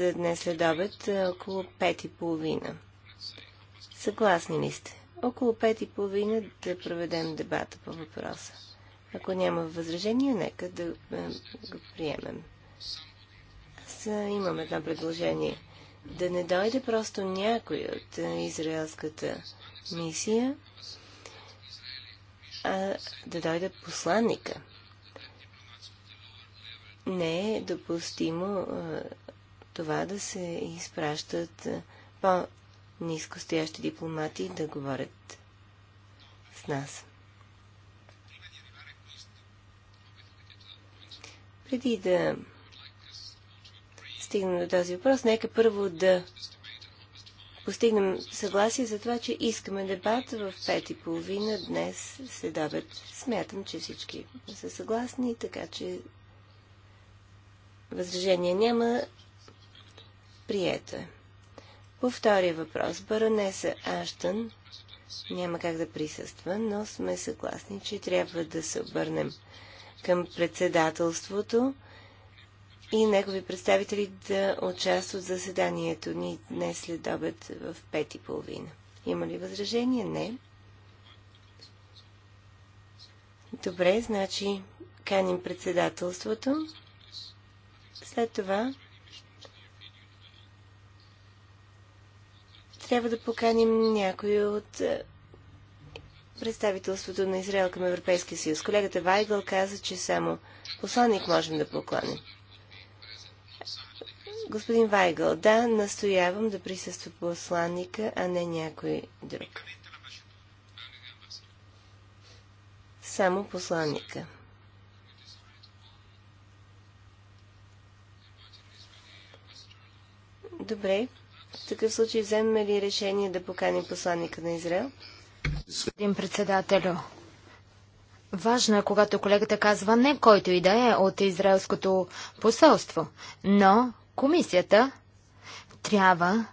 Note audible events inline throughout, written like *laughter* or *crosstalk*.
Е, днес след обед е около 5.30. Съгласни ли сте? Около 5.30 да проведем дебата по въпроса. Ако няма възражение, нека да е, го приемем. Аз е, имам едно предложение. Да не дойде просто някой от израелската мисия, а да дойде посланника. Не е допустимо това да се изпращат е, по-низкостоящи дипломати да говорят с нас. Преди да стигнем до този въпрос, нека първо да постигнем съгласие за това, че искаме дебат в пет и половина днес след обед. Смятам, че всички са съгласни, така че възражения няма. Прието е. По втория въпрос, баронеса Аштън няма как да присъства, но сме съгласни, че трябва да се обърнем към председателството и негови представители да участват в заседанието ни днес след обед в пет и половина. Има ли възражение? Не. Добре, значи каним председателството. След това трябва да поканим някой от е, представителството на Израел към Европейския съюз. Колегата Вайгъл каза, че само посланник можем да поклоним. Господин Вайгъл, да, настоявам да присъства посланника, а не някой друг. Само посланника. Добре. В такъв случай вземем ли решение да поканим посланника на Израел? Господин председателю, важно е, когато колегата казва не който и да е от израелското посолство, но комисията трябва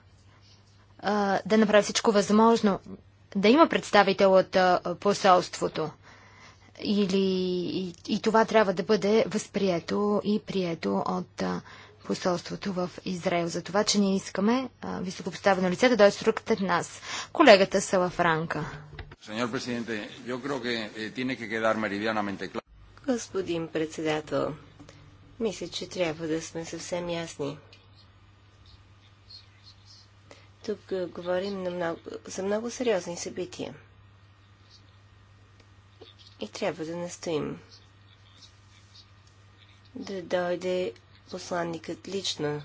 а, да направи всичко възможно да има представител от а, посолството. Или и, и това трябва да бъде възприето и прието от а, посолството в Израел за това, че ние искаме високопоставено лице да дойде срокът нас. Колегата Салафранка. Eh, Господин председател, мисля, че трябва да сме съвсем ясни. Тук говорим на много, за много сериозни събития. И трябва да настоим да дойде посланникът лично.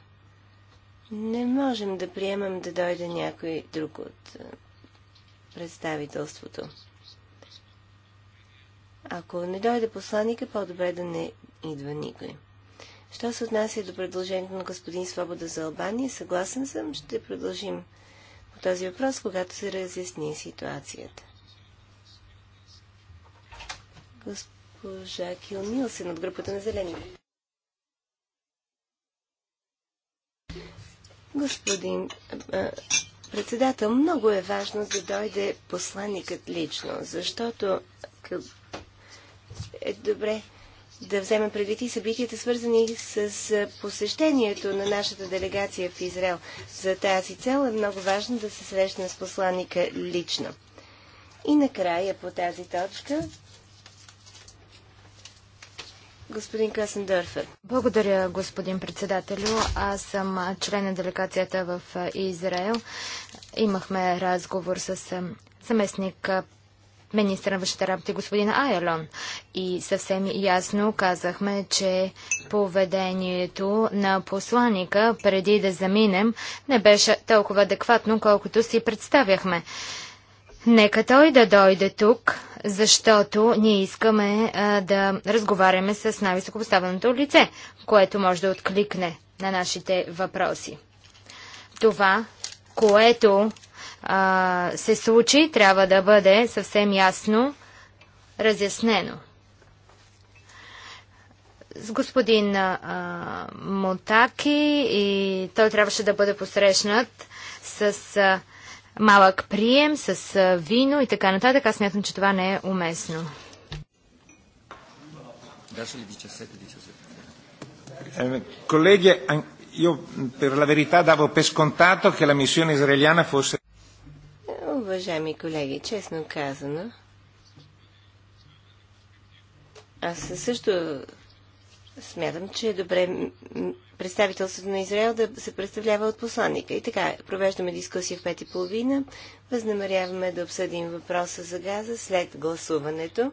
Не можем да приемам да дойде някой друг от е, представителството. Ако не дойде посланника, по-добре да не идва никой. Що се отнася до предложението на господин Свобода за Албания, съгласен съм, ще продължим по този въпрос, когато се разясни ситуацията. Госпожа Кил от групата на Зелени. Господин председател, много е важно да дойде посланникът лично, защото е добре да вземем предвид и събитията, свързани с посещението на нашата делегация в Израел. За тази цел е много важно да се срещне с посланника лично. И накрая по тази точка Господин Касендърфер. Благодаря, господин председателю. Аз съм член на делегацията в Израел. Имахме разговор с съместник министър на вършите работи господин Айлон, И съвсем ясно казахме, че поведението на посланика преди да заминем не беше толкова адекватно, колкото си представяхме. Нека той да дойде тук защото ние искаме а, да разговаряме с най-високопоставеното лице, което може да откликне на нашите въпроси. Това, което а, се случи, трябва да бъде съвсем ясно разяснено. С господин а, Мотаки и той трябваше да бъде посрещнат с. А, малък прием с вино и така нататък. Аз смятам, че това не е уместно. Е, колеги, io per la verità davo per scontato che la missione israeliana fosse... Уважаеми колеги, честно казано, аз също Смятам, че е добре представителството на Израел да се представлява от посланника. И така, провеждаме дискусия в пет и половина. Възнамеряваме да обсъдим въпроса за газа след гласуването.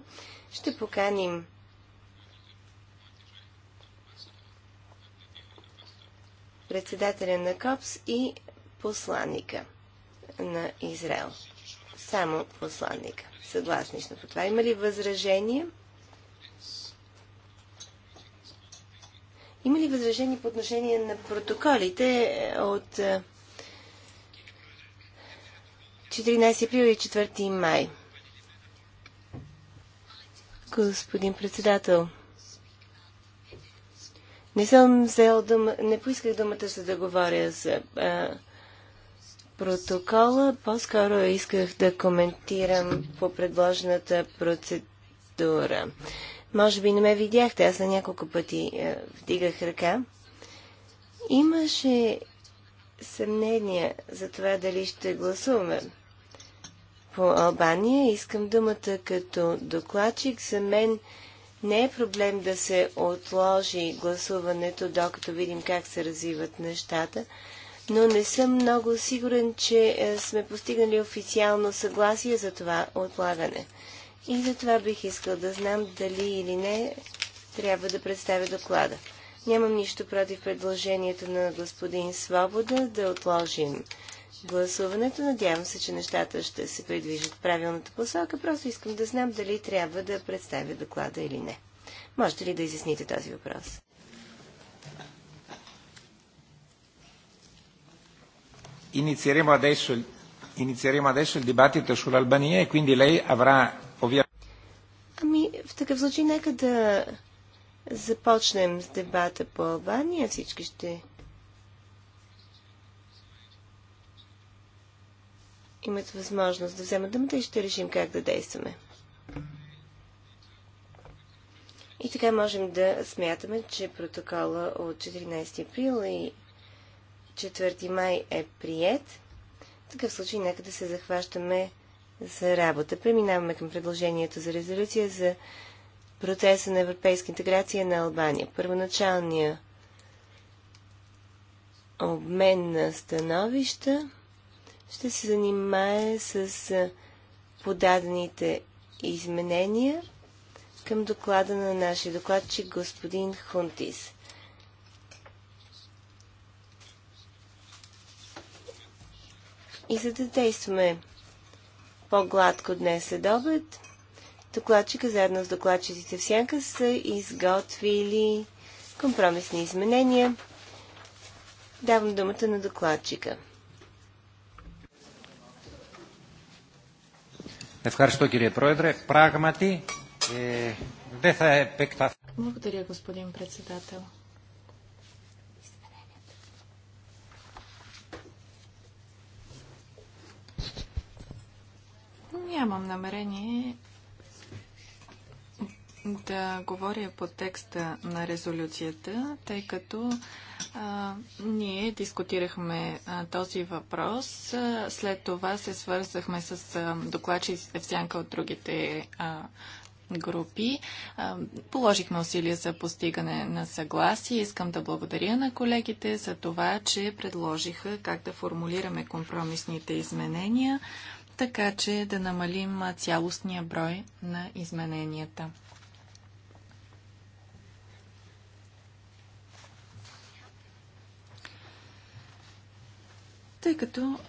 Ще поканим председателя на КОПС и посланника на Израел. Само посланника. Съгласни сме по това. Има ли възражения? Има ли възражение по отношение на протоколите е, от 14 е, април и 4 май? Господин председател, не съм взел дума, не поисках думата, за да говоря за а, е, протокола. По-скоро исках да коментирам по предложената процедура. Може би не ме видяхте, аз на няколко пъти е, вдигах ръка. Имаше съмнение за това дали ще гласуваме по Албания. Искам думата като докладчик. За мен не е проблем да се отложи гласуването, докато видим как се развиват нещата, но не съм много сигурен, че е, сме постигнали официално съгласие за това отлагане. И затова бих искал да знам дали или не трябва да представя доклада. Нямам нищо против предложението на господин Свобода да отложим гласуването. Надявам се, че нещата ще се придвижат в правилната посока. Просто искам да знам дали трябва да представя доклада или не. Можете ли да изясните този въпрос? Inizieremo adesso, inizieremo adesso il dibattito sull'Albania e quindi lei avrà случай значи нека да започнем с дебата по Албания. Всички ще имат възможност да вземат думата и ще решим как да действаме. И така можем да смятаме, че протокола от 14 април и 4 май е прият. В такъв случай нека да се захващаме за работа. Преминаваме към предложението за резолюция за процеса на европейска интеграция на Албания. Първоначалния обмен на становища ще се занимае с подадените изменения към доклада на нашия докладчик господин Хунтис. И за да действаме по-гладко днес след обед, докладчика заедно с докладчиците в сянка са изготвили компромисни изменения. Давам думата на докладчика. Ευχαριστώ κύριε Πρόεδρε. Πράγματι ε, δεν θα επεκταθώ. Благодаря, господин председател. Нямам намерение да говоря по текста на резолюцията, тъй като а, ние дискутирахме а, този въпрос. А, след това се свързахме с а, докладчиците в сянка от другите а, групи. А, положихме усилия за постигане на съгласие. Искам да благодаря на колегите за това, че предложиха как да формулираме компромисните изменения така че да намалим цялостния брой на измененията. Тъй като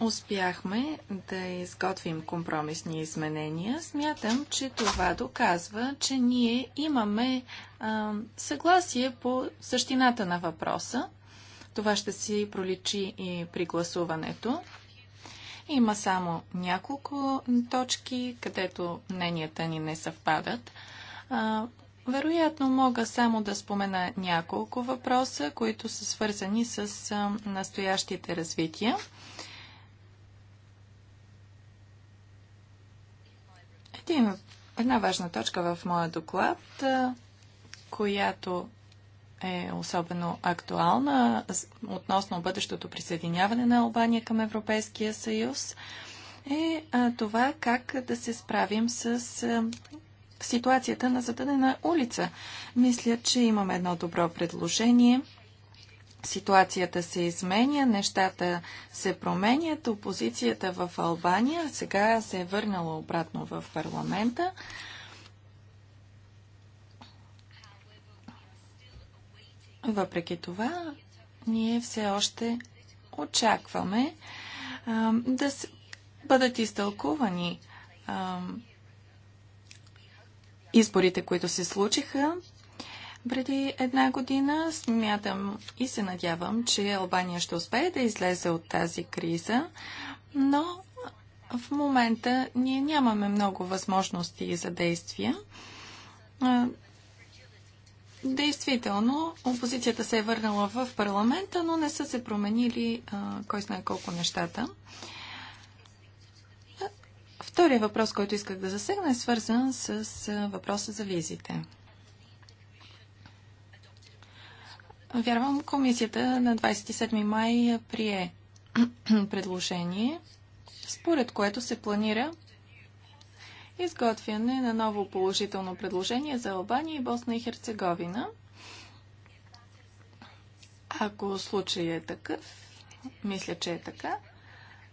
успяхме да изготвим компромисни изменения, смятам, че това доказва, че ние имаме а, съгласие по същината на въпроса. Това ще си проличи и при гласуването. Има само няколко точки, където мненията ни не съвпадат. Вероятно мога само да спомена няколко въпроса, които са свързани с настоящите развития. Един, една важна точка в моя доклад, която е особено актуална относно бъдещото присъединяване на Албания към Европейския съюз, е това как да се справим с ситуацията на зададена улица. Мисля, че имаме едно добро предложение. Ситуацията се изменя, нещата се променят, опозицията в Албания сега се е върнала обратно в парламента. Въпреки това, ние все още очакваме а, да бъдат изтълкувани а, изборите, които се случиха преди една година. Смятам и се надявам, че Албания ще успее да излезе от тази криза, но в момента ние нямаме много възможности за действия. Действително, опозицията се е върнала в парламента, но не са се променили кой знае колко нещата. Втория въпрос, който исках да засегна, е свързан с въпроса за визите. Вярвам, комисията на 27 май прие *clears throat* предложение, според което се планира изготвяне на ново положително предложение за Албания и Босна и Херцеговина. Ако случай е такъв, мисля, че е така,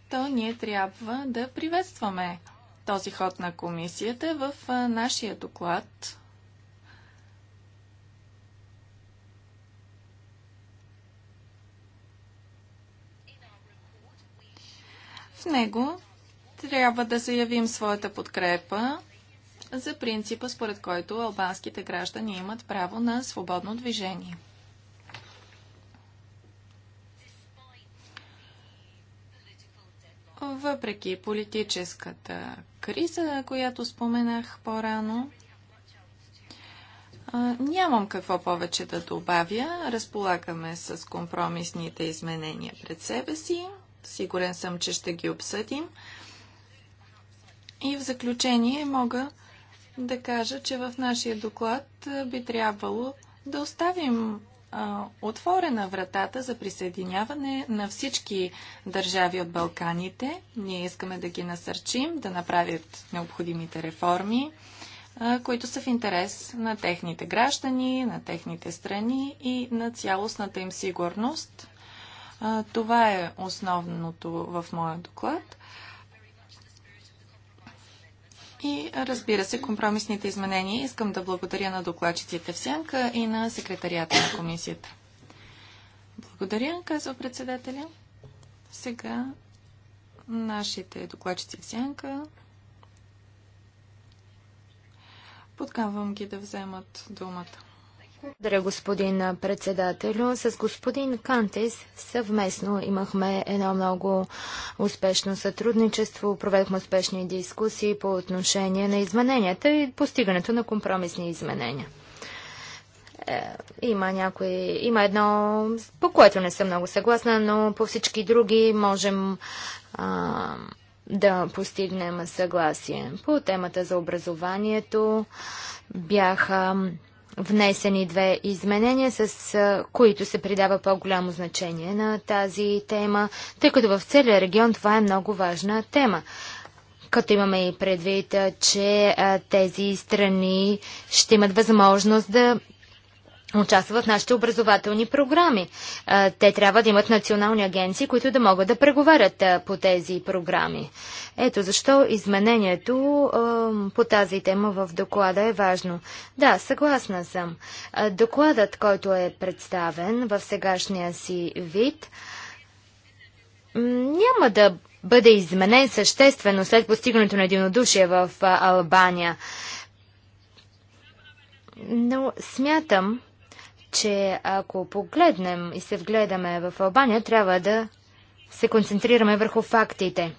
то ние трябва да приветстваме този ход на комисията в нашия доклад. В него трябва да заявим своята подкрепа за принципа, според който албанските граждани имат право на свободно движение. Въпреки политическата криза, която споменах по-рано, нямам какво повече да добавя. Разполагаме с компромисните изменения пред себе си. Сигурен съм, че ще ги обсъдим. И в заключение мога да кажа, че в нашия доклад би трябвало да оставим отворена вратата за присъединяване на всички държави от Балканите. Ние искаме да ги насърчим, да направят необходимите реформи, които са в интерес на техните граждани, на техните страни и на цялостната им сигурност. това е основното в моя доклад и разбира се компромисните изменения. Искам да благодаря на докладчиците в Сянка и на секретарията на комисията. Благодаря, казва председателя. Сега нашите докладчици в Сянка. Подканвам ги да вземат думата. Благодаря, господин председател, С господин Кантис съвместно имахме едно много успешно сътрудничество. Проведохме успешни дискусии по отношение на измененията и постигането на компромисни изменения. Е, има, някои, има едно, по което не съм много съгласна, но по всички други можем а, да постигнем съгласие. По темата за образованието бяха внесени две изменения, с които се придава по-голямо значение на тази тема, тъй като в целия регион това е много важна тема. Като имаме и предвид, че тези страни ще имат възможност да участват в нашите образователни програми. Те трябва да имат национални агенции, които да могат да преговарят по тези програми. Ето защо изменението по тази тема в доклада е важно. Да, съгласна съм. Докладът, който е представен в сегашния си вид, няма да бъде изменен съществено след постигането на единодушие в Албания. Но смятам, че ако погледнем и се вгледаме в Албания, трябва да се концентрираме върху фактите.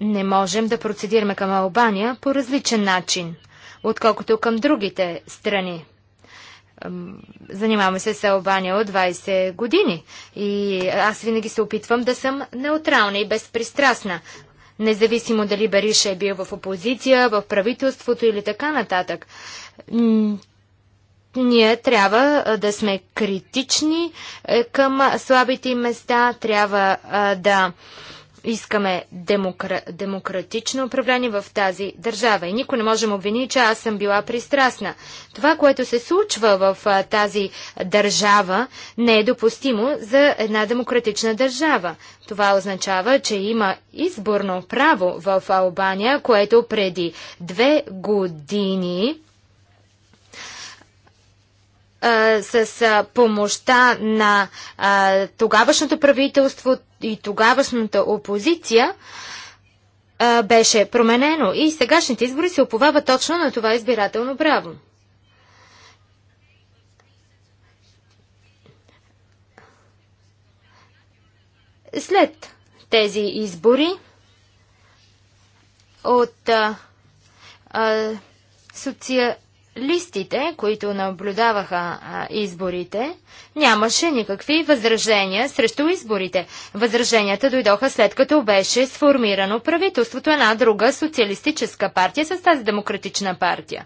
Не можем да процедираме към Албания по различен начин, отколкото към другите страни. Занимаваме се с Албания от 20 години и аз винаги се опитвам да съм неутрална и безпристрастна независимо дали Бериша е бил в опозиция, в правителството или така нататък ние трябва да сме критични е, към слабите места, трябва да искаме демокра... демократично управление в тази държава. И никой не може да обвини, че аз съм била пристрастна. Това, което се случва в тази държава, не е допустимо за една демократична държава. Това означава, че има изборно право в Албания, което преди две години с помощта на тогавашното правителство и тогавашната опозиция беше променено и сегашните избори се оповават точно на това избирателно право. След тези избори от а, а, социалистите листите, които наблюдаваха а, изборите, нямаше никакви възражения срещу изборите. Възраженията дойдоха след като беше сформирано правителството една друга социалистическа партия с тази демократична партия.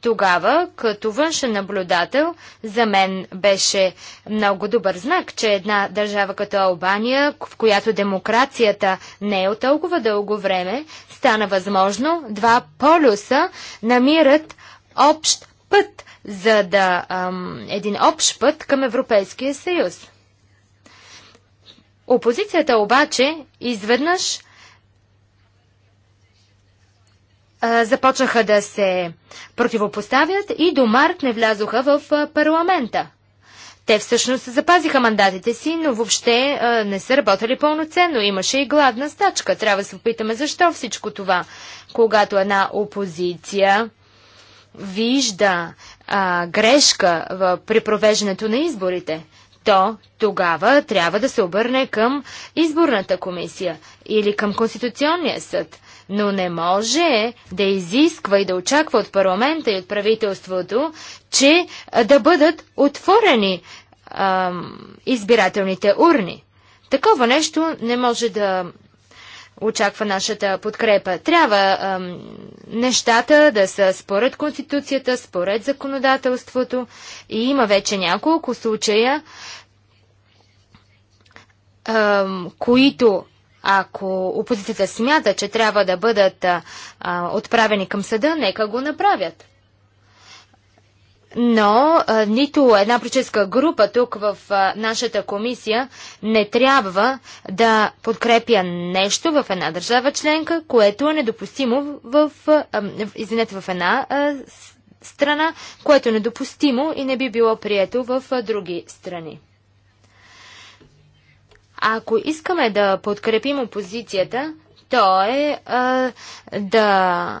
Тогава, като външен наблюдател, за мен беше много добър знак, че една държава като Албания, в която демокрацията не е от толкова дълго време, стана възможно два полюса намират общ път, за да ам, един общ път към Европейския съюз. Опозицията обаче изведнъж а, започнаха да се противопоставят и до март не влязоха в парламента. Те всъщност запазиха мандатите си, но въобще а, не са работили пълноценно. Имаше и гладна стачка. Трябва да се опитаме защо всичко това. Когато една опозиция вижда а, грешка в, при провеждането на изборите, то тогава трябва да се обърне към изборната комисия или към Конституционния съд. Но не може да изисква и да очаква от парламента и от правителството, че да бъдат отворени а, избирателните урни. Такова нещо не може да очаква нашата подкрепа. Трябва ам, нещата да са според Конституцията, според законодателството и има вече няколко случая, ам, които ако опозицията смята, че трябва да бъдат а, отправени към съда, нека го направят но а, нито една политическа група тук в а, нашата комисия не трябва да подкрепя нещо в една държава членка, което е недопустимо в, а, извинете, в една а, страна, което е недопустимо и не би било прието в а, други страни. Ако искаме да подкрепим опозицията, то е а, да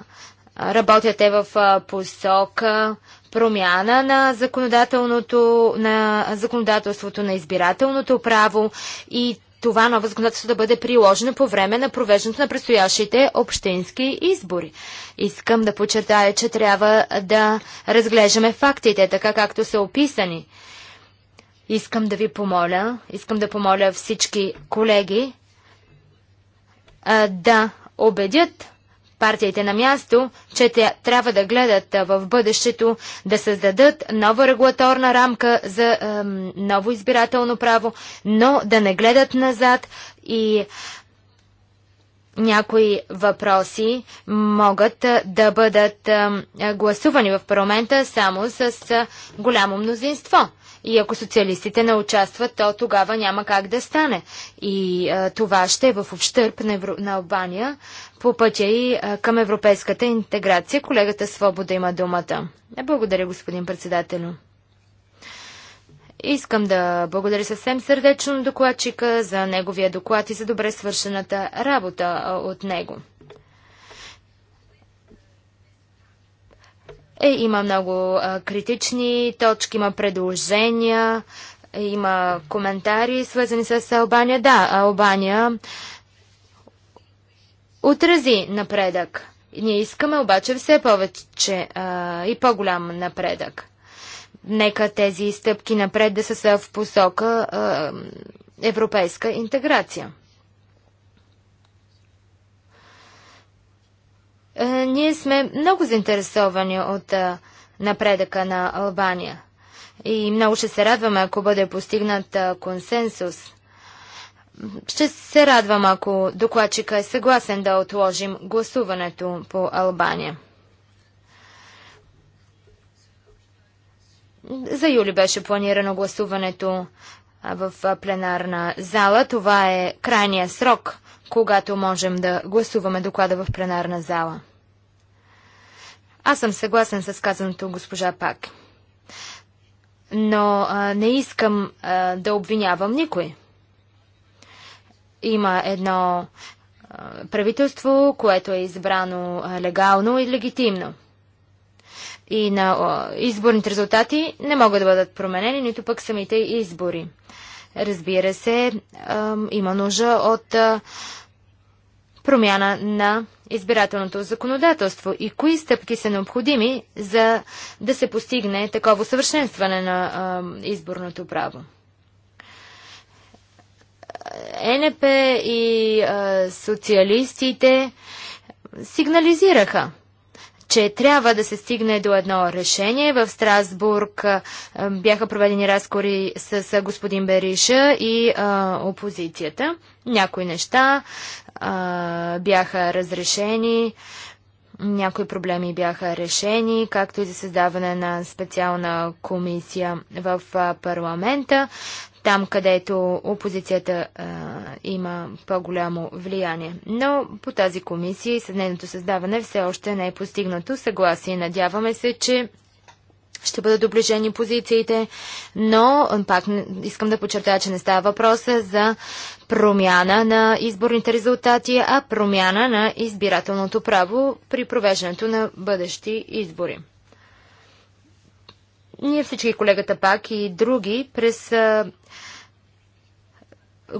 работят те в посока промяна на законодателното, на законодателството на избирателното право и това ново законодателство да бъде приложено по време на провеждането на предстоящите общински избори. Искам да подчертая, че трябва да разглеждаме фактите, така както са описани. Искам да ви помоля, искам да помоля всички колеги а, да убедят партиите на място, че те трябва да гледат в бъдещето да създадат нова регулаторна рамка за е, ново избирателно право, но да не гледат назад и някои въпроси могат да бъдат гласувани в парламента само с голямо мнозинство. И ако социалистите не участват, то тогава няма как да стане. И а, това ще е в общърп на, Евро... на Албания по пътя и а, към европейската интеграция. Колегата Свобода има думата. Е, благодаря, господин председател. Искам да благодаря съвсем сърдечно докладчика за неговия доклад и за добре свършената работа от него. Е, има много а, критични точки, има предложения, има коментари, свързани с Албания. Да, Албания отрази напредък. Ние искаме обаче все повече а, и по-голям напредък. Нека тези стъпки напред да са в посока а, европейска интеграция. Е, ние сме много заинтересовани от е, напредъка на Албания и много ще се радваме, ако бъде постигнат е, консенсус. Ще се радвам, ако докладчика е съгласен да отложим гласуването по Албания. За юли беше планирано гласуването в пленарна зала. Това е крайния срок, когато можем да гласуваме доклада в пленарна зала. Аз съм съгласен с казаното госпожа Пак. Но а, не искам а, да обвинявам никой. Има едно а, правителство, което е избрано а, легално и легитимно. И на а, изборните резултати не могат да бъдат променени, нито пък самите избори. Разбира се, а, има нужда от а, промяна на избирателното законодателство и кои стъпки са необходими за да се постигне такова съвършенстване на а, изборното право. Е, НП и а, социалистите сигнализираха че трябва да се стигне до едно решение. В Страсбург бяха проведени разговори с господин Бериша и опозицията. Някои неща бяха разрешени някои проблеми бяха решени, както и за създаване на специална комисия в парламента там, където опозицията а, има по-голямо влияние. Но по тази комисия и с създаване все още не е постигнато съгласие. Надяваме се, че ще бъдат доближени позициите, но пак искам да подчертая, че не става въпроса за промяна на изборните резултати, а промяна на избирателното право при провеждането на бъдещи избори. Ние всички, колегата пак и други, през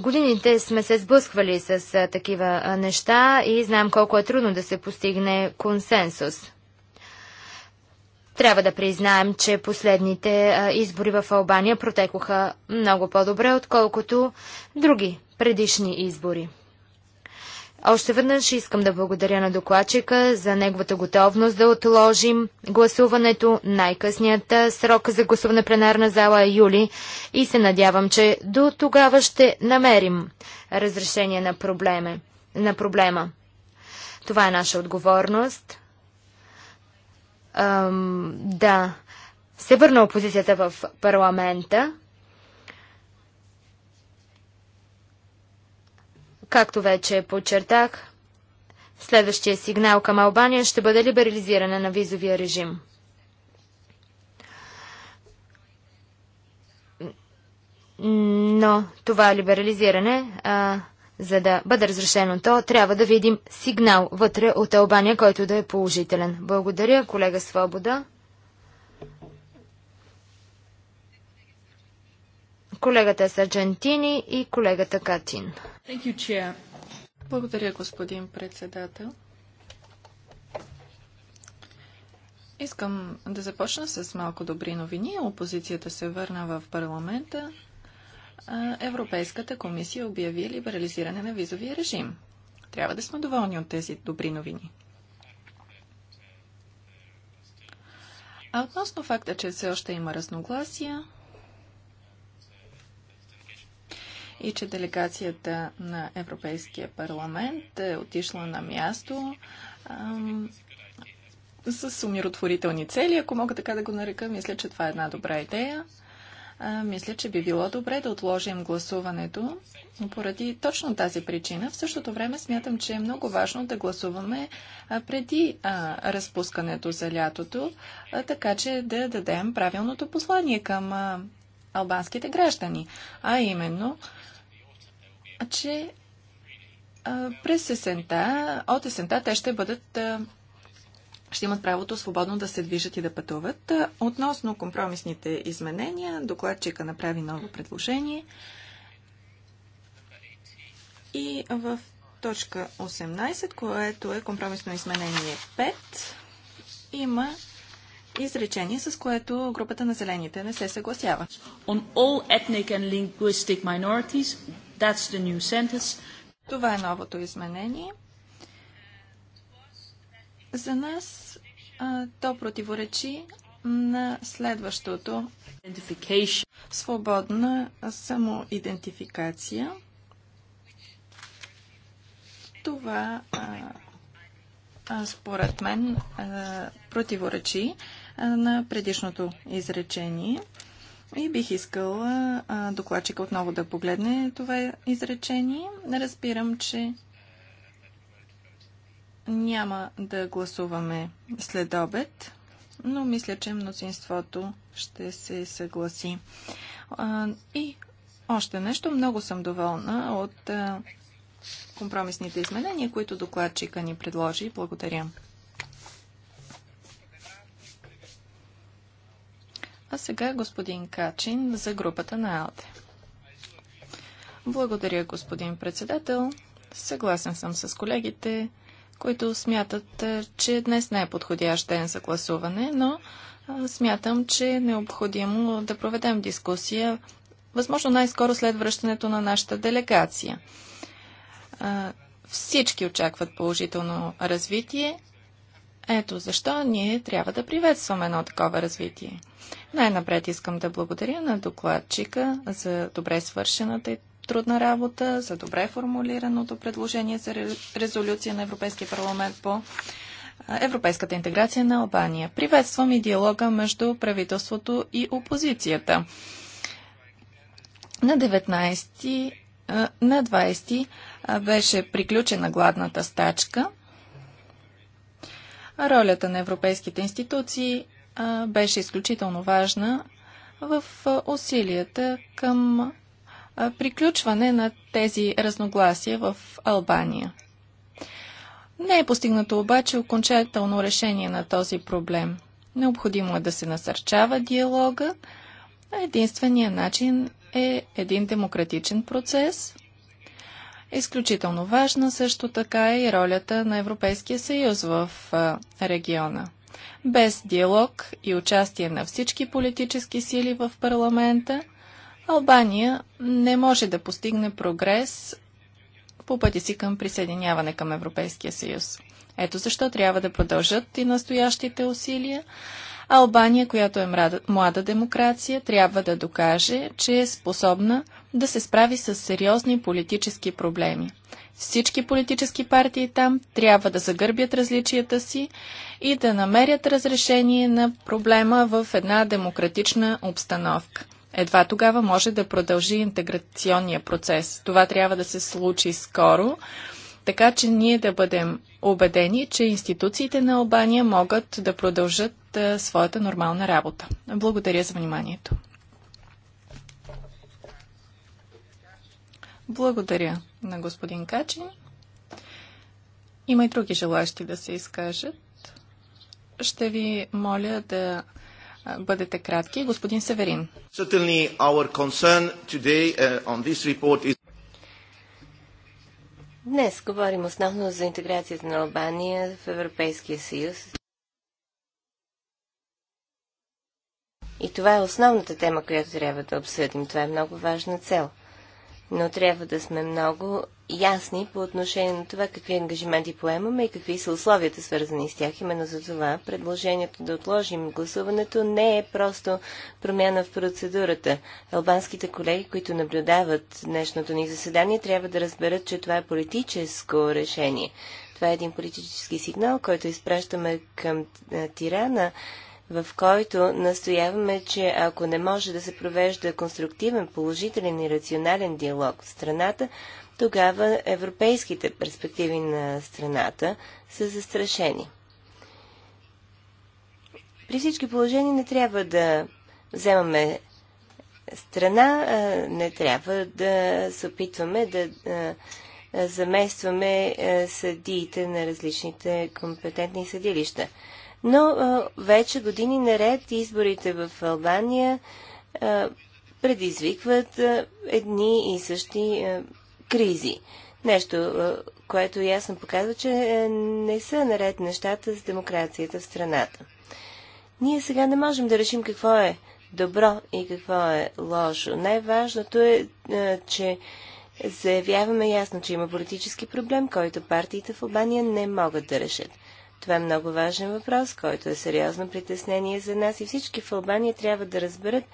годините сме се сблъсквали с такива неща и знам колко е трудно да се постигне консенсус. Трябва да признаем, че последните избори в Албания протекоха много по-добре, отколкото други предишни избори. Още веднъж искам да благодаря на докладчика за неговата готовност да отложим гласуването. Най-късният срок за гласуване пленарна зала е юли и се надявам, че до тогава ще намерим разрешение на, проблеме, на проблема. Това е наша отговорност. Ам, да, се върна опозицията в парламента. Както вече подчертах, следващия сигнал към Албания ще бъде либерализиране на визовия режим. Но това либерализиране, а, за да бъде разрешено то, трябва да видим сигнал вътре от Албания, който да е положителен. Благодаря, колега Свобода. колегата с и колегата Катин. You, Благодаря, господин председател. Искам да започна с малко добри новини. Опозицията се върна в парламента. Европейската комисия обяви либерализиране на визовия режим. Трябва да сме доволни от тези добри новини. А относно факта, че все още има разногласия, и че делегацията на Европейския парламент е отишла на място а, с умиротворителни цели, ако мога така да го нарека. Мисля, че това е една добра идея. А, мисля, че би било добре да отложим гласуването поради точно тази причина. В същото време смятам, че е много важно да гласуваме а, преди а, разпускането за лятото, така че да дадем правилното послание към албанските граждани, а именно че през есента, от есента те ще бъдат ще имат правото свободно да се движат и да пътуват. Относно компромисните изменения, докладчика направи ново предложение. И в точка 18, което е компромисно изменение 5, има изречение, с което групата на зелените не се съгласява. On all ethnic and linguistic minorities That's the new sentence. Това е новото изменение. За нас то противоречи на следващото свободна самоидентификация. Това според мен противоречи на предишното изречение. И бих искала докладчика отново да погледне това изречение. Разбирам, че няма да гласуваме след обед, но мисля, че мнозинството ще се съгласи. И още нещо, много съм доволна от компромисните изменения, които докладчика ни предложи. Благодаря. А сега господин Качин за групата на АЛДЕ. Благодаря, господин председател. Съгласен съм с колегите, които смятат, че днес не е подходящ ден за гласуване, но смятам, че е необходимо да проведем дискусия, възможно най-скоро след връщането на нашата делегация. Всички очакват положително развитие ето защо ние трябва да приветстваме едно такова развитие. Най-напред искам да благодаря на докладчика за добре свършената и трудна работа, за добре формулираното предложение за резолюция на Европейския парламент по европейската интеграция на Албания. Приветствам и диалога между правителството и опозицията. На 19 на 20 беше приключена гладната стачка – Ролята на европейските институции а, беше изключително важна в усилията към а, приключване на тези разногласия в Албания. Не е постигнато обаче окончателно решение на този проблем. Необходимо е да се насърчава диалога, а единственият начин е един демократичен процес, Изключително важна също така е и ролята на Европейския съюз в региона. Без диалог и участие на всички политически сили в парламента, Албания не може да постигне прогрес по пътя си към присъединяване към Европейския съюз. Ето защо трябва да продължат и настоящите усилия Албания, която е млада демокрация, трябва да докаже, че е способна да се справи с сериозни политически проблеми. Всички политически партии там трябва да загърбят различията си и да намерят разрешение на проблема в една демократична обстановка. Едва тогава може да продължи интеграционния процес. Това трябва да се случи скоро така че ние да бъдем убедени, че институциите на Албания могат да продължат своята нормална работа. Благодаря за вниманието. Благодаря на господин Качин. Има и други желащи да се изкажат. Ще ви моля да бъдете кратки. Господин Северин. Днес говорим основно за интеграцията на Албания в Европейския съюз. И това е основната тема, която трябва да обсъдим. Това е много важна цел но трябва да сме много ясни по отношение на това какви ангажименти поемаме и какви са условията свързани с тях. Именно за това предложението да отложим гласуването не е просто промяна в процедурата. Албанските колеги, които наблюдават днешното ни заседание, трябва да разберат, че това е политическо решение. Това е един политически сигнал, който изпращаме към Тирана в който настояваме, че ако не може да се провежда конструктивен, положителен и рационален диалог в страната, тогава европейските перспективи на страната са застрашени. При всички положения не трябва да вземаме страна, не трябва да се опитваме да заместваме съдиите на различните компетентни съдилища но а, вече години наред изборите в Албания а, предизвикват а, едни и същи а, кризи. Нещо, а, което ясно показва, че а, не са наред нещата с демокрацията в страната. Ние сега не можем да решим какво е добро и какво е лошо. Най-важното е, а, че заявяваме ясно, че има политически проблем, който партиите в Албания не могат да решат. Това е много важен въпрос, който е сериозно притеснение за нас и всички в Албания трябва да разберат,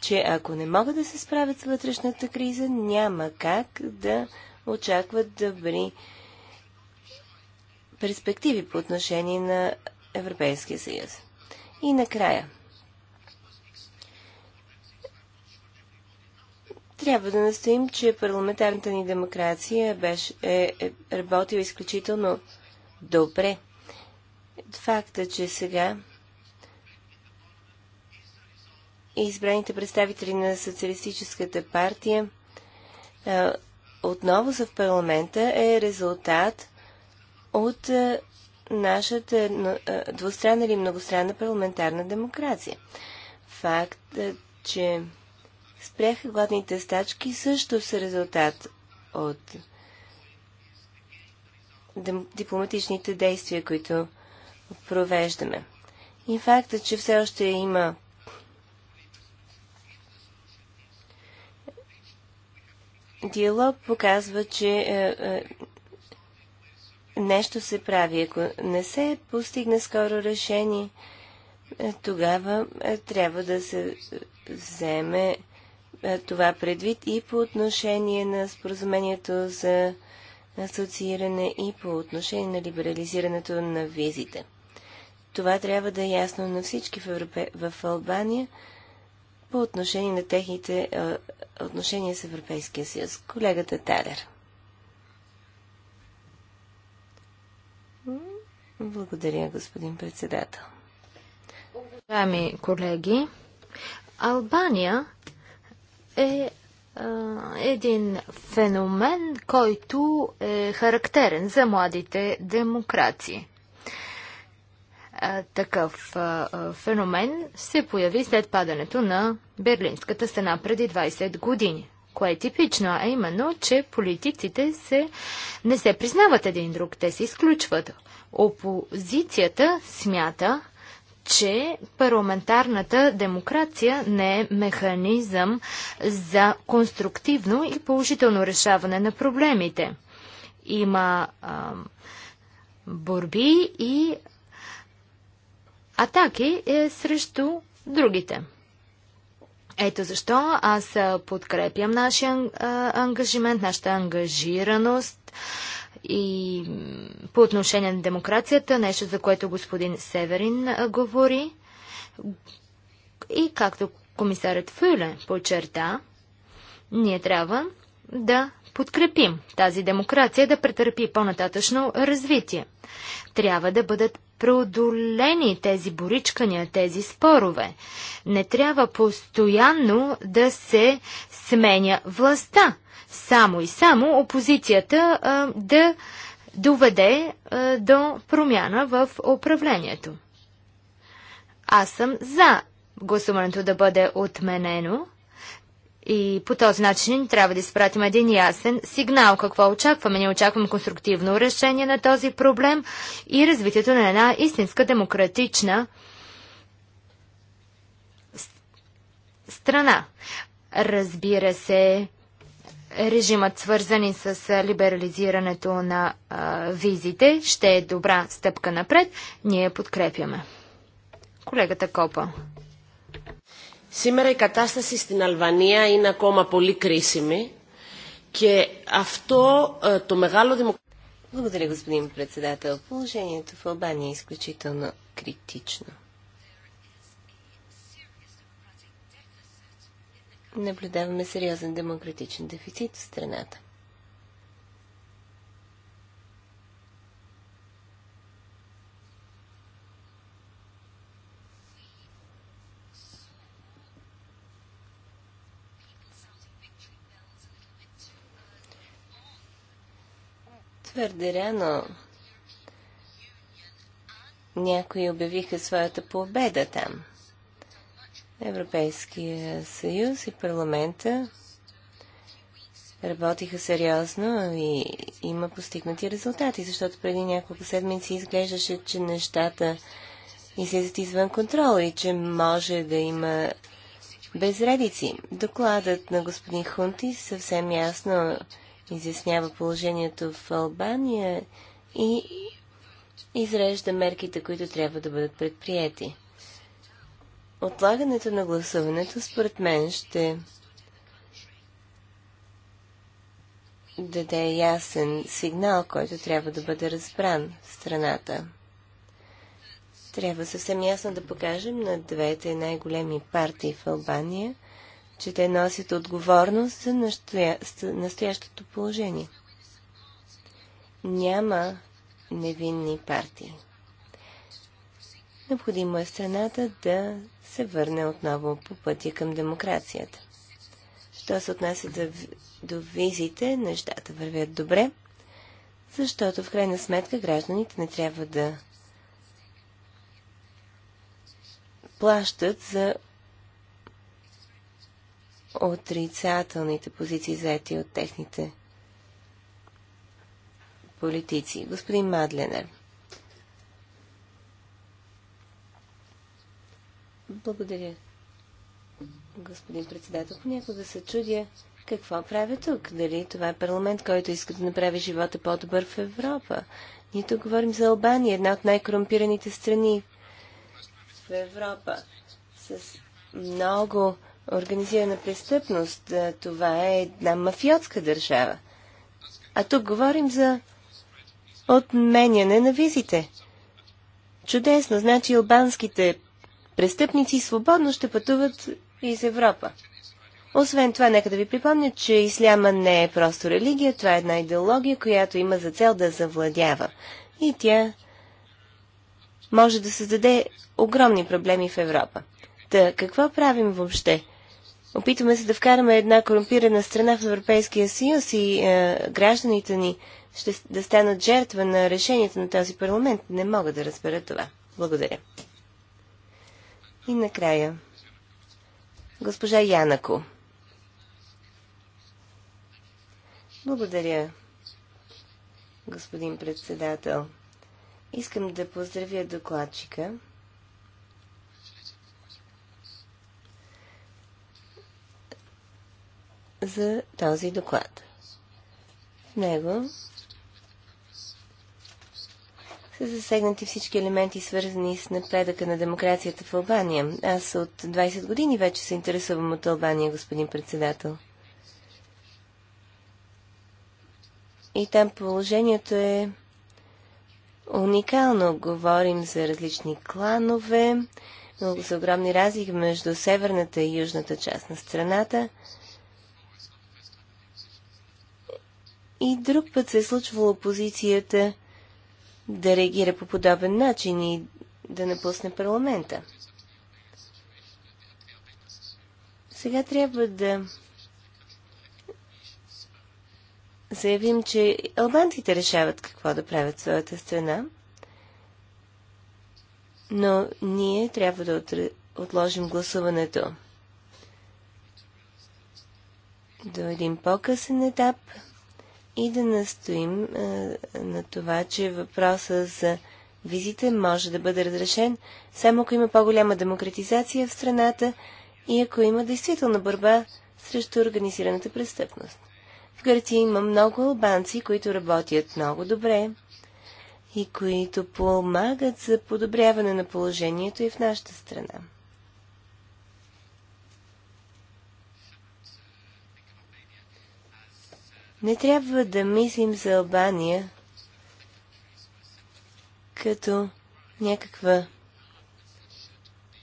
че ако не могат да се справят с вътрешната криза, няма как да очакват добри перспективи по отношение на Европейския съюз. И накрая. Трябва да настоим, че парламентарната ни демокрация беше, е, е работила изключително добре факта, че сега избраните представители на Социалистическата партия отново са в парламента е резултат от нашата двустранна или многостранна парламентарна демокрация. Факт, че спряха гладните стачки също са резултат от дипломатичните действия, които провеждаме. И факта, че все още има диалог показва, че е, е, нещо се прави. Ако не се постигне скоро решение, е, тогава трябва да се вземе това предвид и по отношение на споразумението за асоцииране и по отношение на либерализирането на визите. Това трябва да е ясно на всички в, Европе... в Албания по отношение на техните е, отношения с Европейския съюз. Колегата Талер. Благодаря, господин председател. Уважаеми колеги, Албания е един феномен, който е характерен за младите демокрации а, такъв а, феномен се появи след падането на Берлинската стена преди 20 години. Кое е типично, а именно, че политиците се, не се признават един друг, те се изключват. Опозицията смята, че парламентарната демокрация не е механизъм за конструктивно и положително решаване на проблемите. Има а, борби и атаки е, срещу другите. Ето защо аз подкрепям нашия ангажимент, нашата ангажираност и по отношение на демокрацията, нещо за което господин Северин говори. И както комисарят Фюле подчерта, ние трябва да подкрепим тази демокрация да претърпи по-нататъчно развитие. Трябва да бъдат преодолени тези боричкания, тези спорове. Не трябва постоянно да се сменя властта. Само и само опозицията а, да доведе а, до промяна в управлението. Аз съм за гласуването да бъде отменено, и по този начин трябва да изпратим един ясен сигнал какво очакваме. Ние очакваме конструктивно решение на този проблем и развитието на една истинска демократична страна. Разбира се, режимът свързани с либерализирането на а, визите ще е добра стъпка напред. Ние подкрепяме. Колегата Копа. Σήμερα η κατάσταση στην Αλβανία είναι ακόμα πολύ κρίσιμη και αυτό το μεγάλο δημοκρατικό... Благодаря, господин председател. Положението в Албания е изключително критично. Наблюдаваме сериозен демократичен дефицит в страната. Твърде рано някои обявиха своята победа там. Европейския съюз и парламента работиха сериозно и има постигнати резултати, защото преди няколко седмици изглеждаше, че нещата излизат извън контрол и че може да има безредици. Докладът на господин Хунти съвсем ясно изяснява положението в Албания и изрежда мерките, които трябва да бъдат предприяти. Отлагането на гласуването, според мен, ще даде ясен сигнал, който трябва да бъде разбран в страната. Трябва съвсем ясно да покажем на двете най-големи партии в Албания – че те носят отговорност за, настоящото положение. Няма невинни партии. Необходимо е страната да се върне отново по пътя към демокрацията. Що се отнася до, до визите, нещата вървят добре, защото в крайна сметка гражданите не трябва да плащат за отрицателните позиции, заети от техните политици. Господин Мадленер. Благодаря, господин председател. Понякога се чудя какво правя тук. Дали това е парламент, който иска да направи живота по-добър в Европа. Ние тук говорим за Албания, една от най-корумпираните страни в Европа, с много организирана престъпност. Е, това е една мафиотска държава. А тук говорим за отменяне на визите. Чудесно, значи албанските престъпници свободно ще пътуват из Европа. Освен това, нека да ви припомня, че исляма не е просто религия, това е една идеология, която има за цел да завладява. И тя може да създаде огромни проблеми в Европа. Та какво правим въобще? Опитваме се да вкараме една корумпирана страна в Европейския съюз и е, гражданите ни ще да станат жертва на решението на този парламент. Не мога да разбера това. Благодаря. И накрая. Госпожа Янако. Благодаря, господин председател. Искам да поздравя докладчика. за този доклад. В него са засегнати всички елементи, свързани с напредъка на демокрацията в Албания. Аз от 20 години вече се интересувам от Албания, господин председател. И там положението е уникално. Говорим за различни кланове, за огромни разлики между северната и южната част на страната – И друг път се е случвало опозицията да реагира по подобен начин и да напусне парламента. Сега трябва да заявим, че албанците решават какво да правят в своята страна, но ние трябва да отложим гласуването до един по-късен етап – и да настоим а, на това, че въпроса за визите може да бъде разрешен само ако има по-голяма демократизация в страната и ако има действителна борба срещу организираната престъпност. В Гърция има много албанци, които работят много добре и които помагат за подобряване на положението и в нашата страна. Не трябва да мислим за Албания като някаква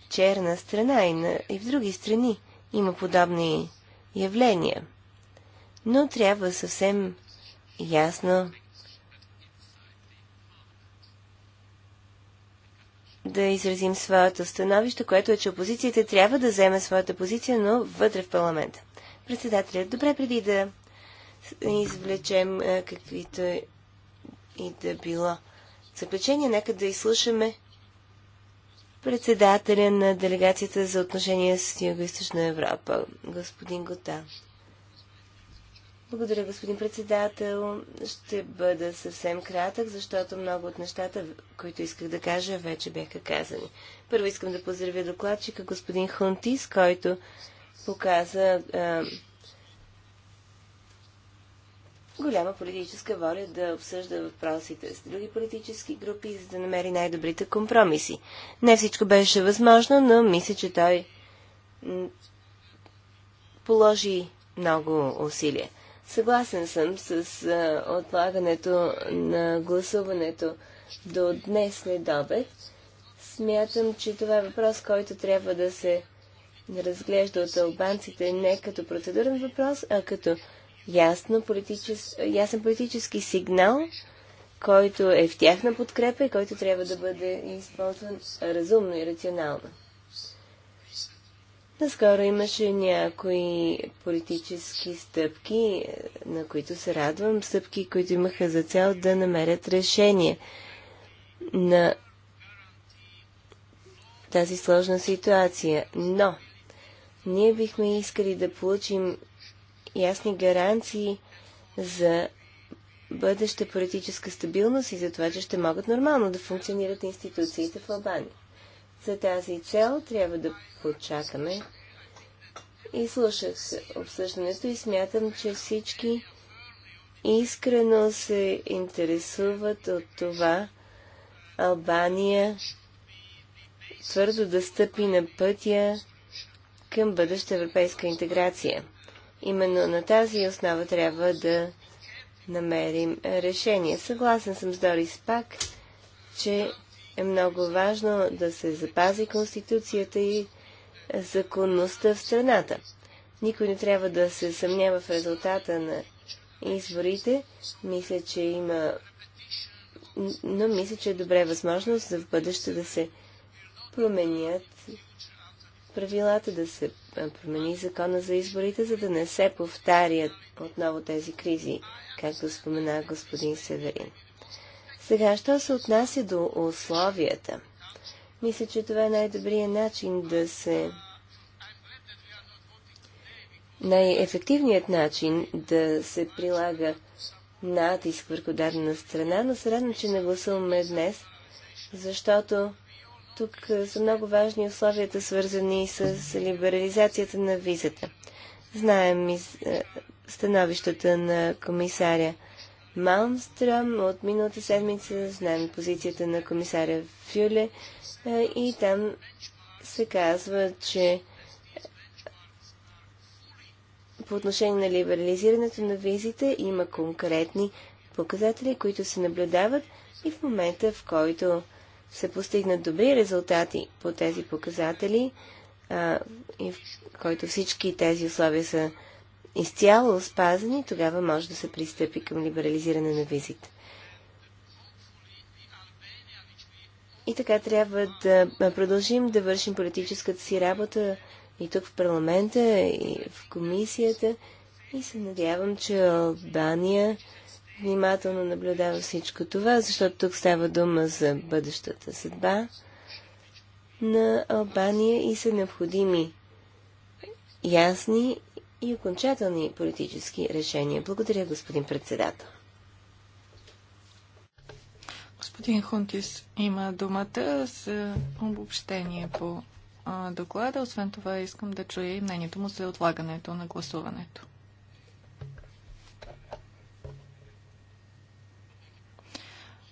черна страна и, на, и в други страни има подобни явления. Но трябва съвсем ясно да изразим своето становище, което е, че опозицията трябва да вземе своята позиция, но вътре в парламента. Председателят, добре преди да извлечем каквито и да било. заключения. нека да изслушаме председателя на делегацията за отношения с Юго-Источна Европа, господин Гота. Благодаря, господин председател. Ще бъда съвсем кратък, защото много от нещата, които исках да кажа, вече бяха казани. Първо искам да поздравя докладчика господин Хунтис, който показа а, голяма политическа воля да обсъжда въпросите с други политически групи, за да намери най-добрите компромиси. Не всичко беше възможно, но мисля, че той положи много усилия. Съгласен съм с а, отлагането на гласуването до днес след обед. Смятам, че това е въпрос, който трябва да се разглежда от албанците не като процедурен въпрос, а като ясно политичес... ясен политически сигнал, който е в тяхна подкрепа и който трябва да бъде използван разумно и рационално. Наскоро имаше някои политически стъпки, на които се радвам, стъпки, които имаха за цел да намерят решение на тази сложна ситуация. Но ние бихме искали да получим ясни гаранции за бъдеща политическа стабилност и за това, че ще могат нормално да функционират институциите в Албания. За тази цел трябва да почакаме. И слушах обсъждането и смятам, че всички искрено се интересуват от това Албания твърдо да стъпи на пътя към бъдеща европейска интеграция. Именно на тази основа трябва да намерим решение. Съгласен съм с Дорис Пак, че е много важно да се запази Конституцията и законността в страната. Никой не трябва да се съмнява в резултата на изборите. Мисля, че има... Но мисля, че е добре възможност за в бъдеще да се променят правилата, да се промени закона за изборите, за да не се повтарят отново тези кризи, както спомена господин Северин. Сега, що се отнася до условията? Мисля, че това е най-добрият начин да се... Най-ефективният начин да се прилага натиск върху дадена страна, но се радвам, че не гласуваме днес, защото тук са много важни условията, свързани с либерализацията на визата. Знаем и становищата на комисаря Малмстрам от миналата седмица, знаем позицията на комисаря Фюле и там се казва, че по отношение на либерализирането на визите има конкретни показатели, които се наблюдават и в момента, в който се постигнат добри резултати по тези показатели, а, и в който всички тези условия са изцяло спазени, тогава може да се пристъпи към либерализиране на визите. И така трябва да продължим да вършим политическата си работа и тук в парламента, и в комисията. И се надявам, че Албания внимателно наблюдава всичко това, защото тук става дума за бъдещата съдба на Албания и са необходими ясни и окончателни политически решения. Благодаря, господин председател. Господин Хунтис има думата за обобщение по доклада. Освен това искам да чуя и мнението му за отлагането на гласуването.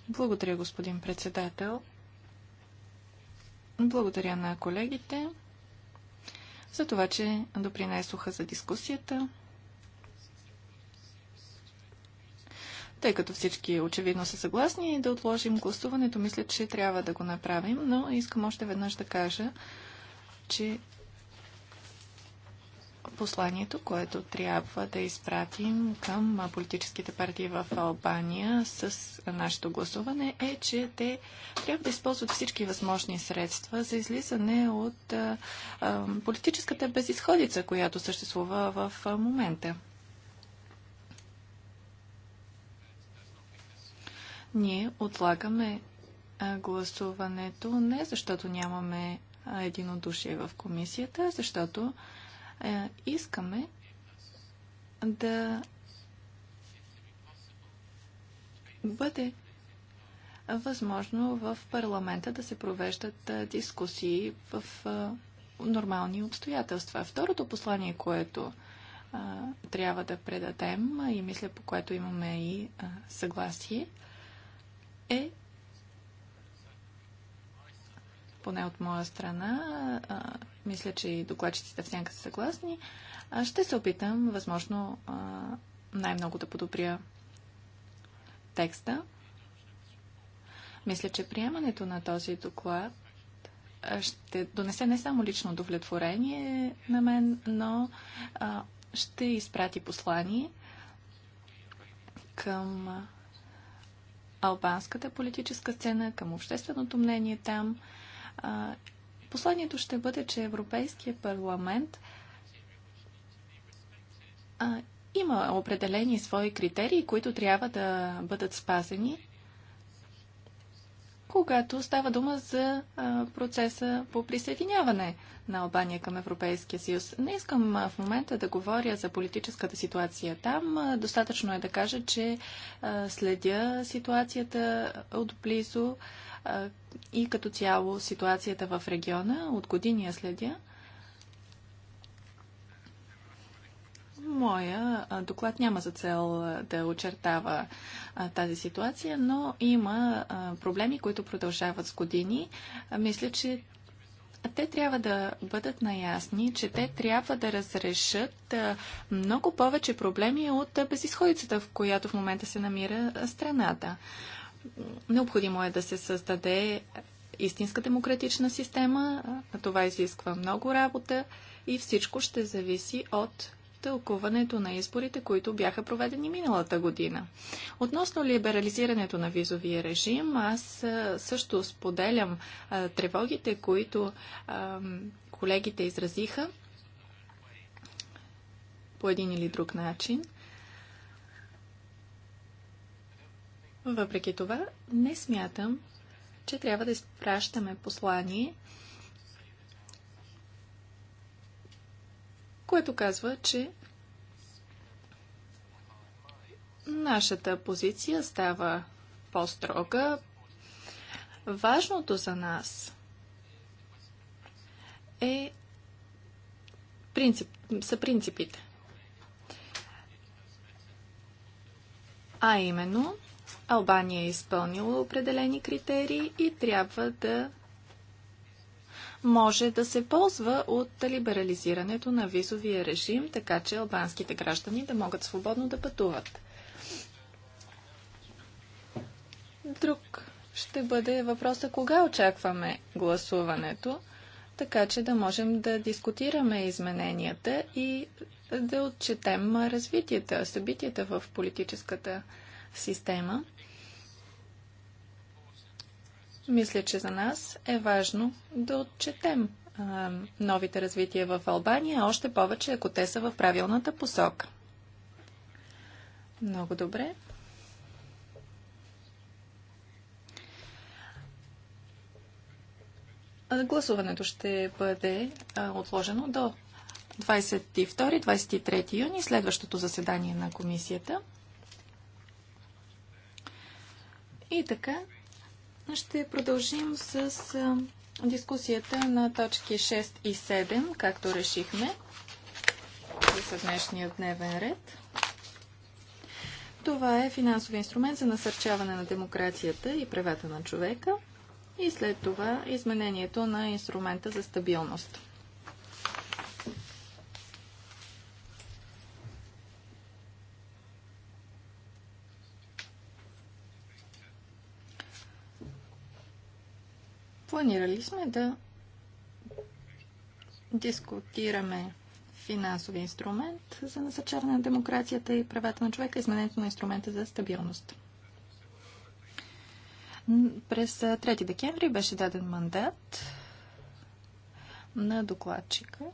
Благодаря, господин председател. Благодаря на колегите за това, че допринесоха за дискусията. Тъй като всички очевидно са съгласни да отложим гласуването, мисля, че трябва да го направим, но искам още веднъж да кажа, че посланието, което трябва да изпратим към политическите партии в Албания с нашето гласуване е, че те трябва да използват всички възможни средства за излизане от политическата безисходица, която съществува в момента. Ние отлагаме гласуването не защото нямаме единодушие в комисията, защото искаме да бъде възможно в парламента да се провеждат дискусии в нормални обстоятелства. Второто послание, което трябва да предадем и мисля по което имаме и съгласие, е поне от моя страна мисля, че и докладчиците в сянка са съгласни. Ще се опитам, възможно, най-много да подобря текста. Мисля, че приемането на този доклад ще донесе не само лично удовлетворение на мен, но ще изпрати послание към албанската политическа сцена, към общественото мнение там Посланието ще бъде, че Европейския парламент а, има определени свои критерии, които трябва да бъдат спазени когато става дума за процеса по присъединяване на Албания към Европейския съюз. Не искам в момента да говоря за политическата ситуация там. достатъчно е да кажа, че следя ситуацията отблизо и като цяло ситуацията в региона. От години я следя. Моя доклад няма за цел да очертава тази ситуация, но има проблеми, които продължават с години. Мисля, че те трябва да бъдат наясни, че те трябва да разрешат много повече проблеми от безисходицата, в която в момента се намира страната. Необходимо е да се създаде истинска демократична система. Това изисква много работа и всичко ще зависи от тълкуването на изборите, които бяха проведени миналата година. Относно либерализирането на визовия режим, аз също споделям тревогите, които колегите изразиха по един или друг начин. Въпреки това, не смятам, че трябва да изпращаме послание, което казва, че нашата позиция става по-строга. Важното за нас е принцип, са принципите. А именно, Албания е изпълнила определени критерии и трябва да може да се ползва от либерализирането на визовия режим, така че албанските граждани да могат свободно да пътуват. Друг ще бъде въпроса кога очакваме гласуването, така че да можем да дискутираме измененията и да отчетем развитията, събитията в политическата система. Мисля, че за нас е важно да отчетем а, новите развития в Албания, още повече, ако те са в правилната посока. Много добре. Гласуването ще бъде отложено до 22-23 юни, следващото заседание на комисията. И така, ще продължим с дискусията на точки 6 и 7, както решихме за днешния дневен ред. Това е финансов инструмент за насърчаване на демокрацията и правата на човека и след това изменението на инструмента за стабилност. Планирали сме да дискутираме финансови инструмент за насъчаване на демокрацията и правата на човека, изменението на инструмента за стабилност. През 3 декември беше даден мандат на докладчика,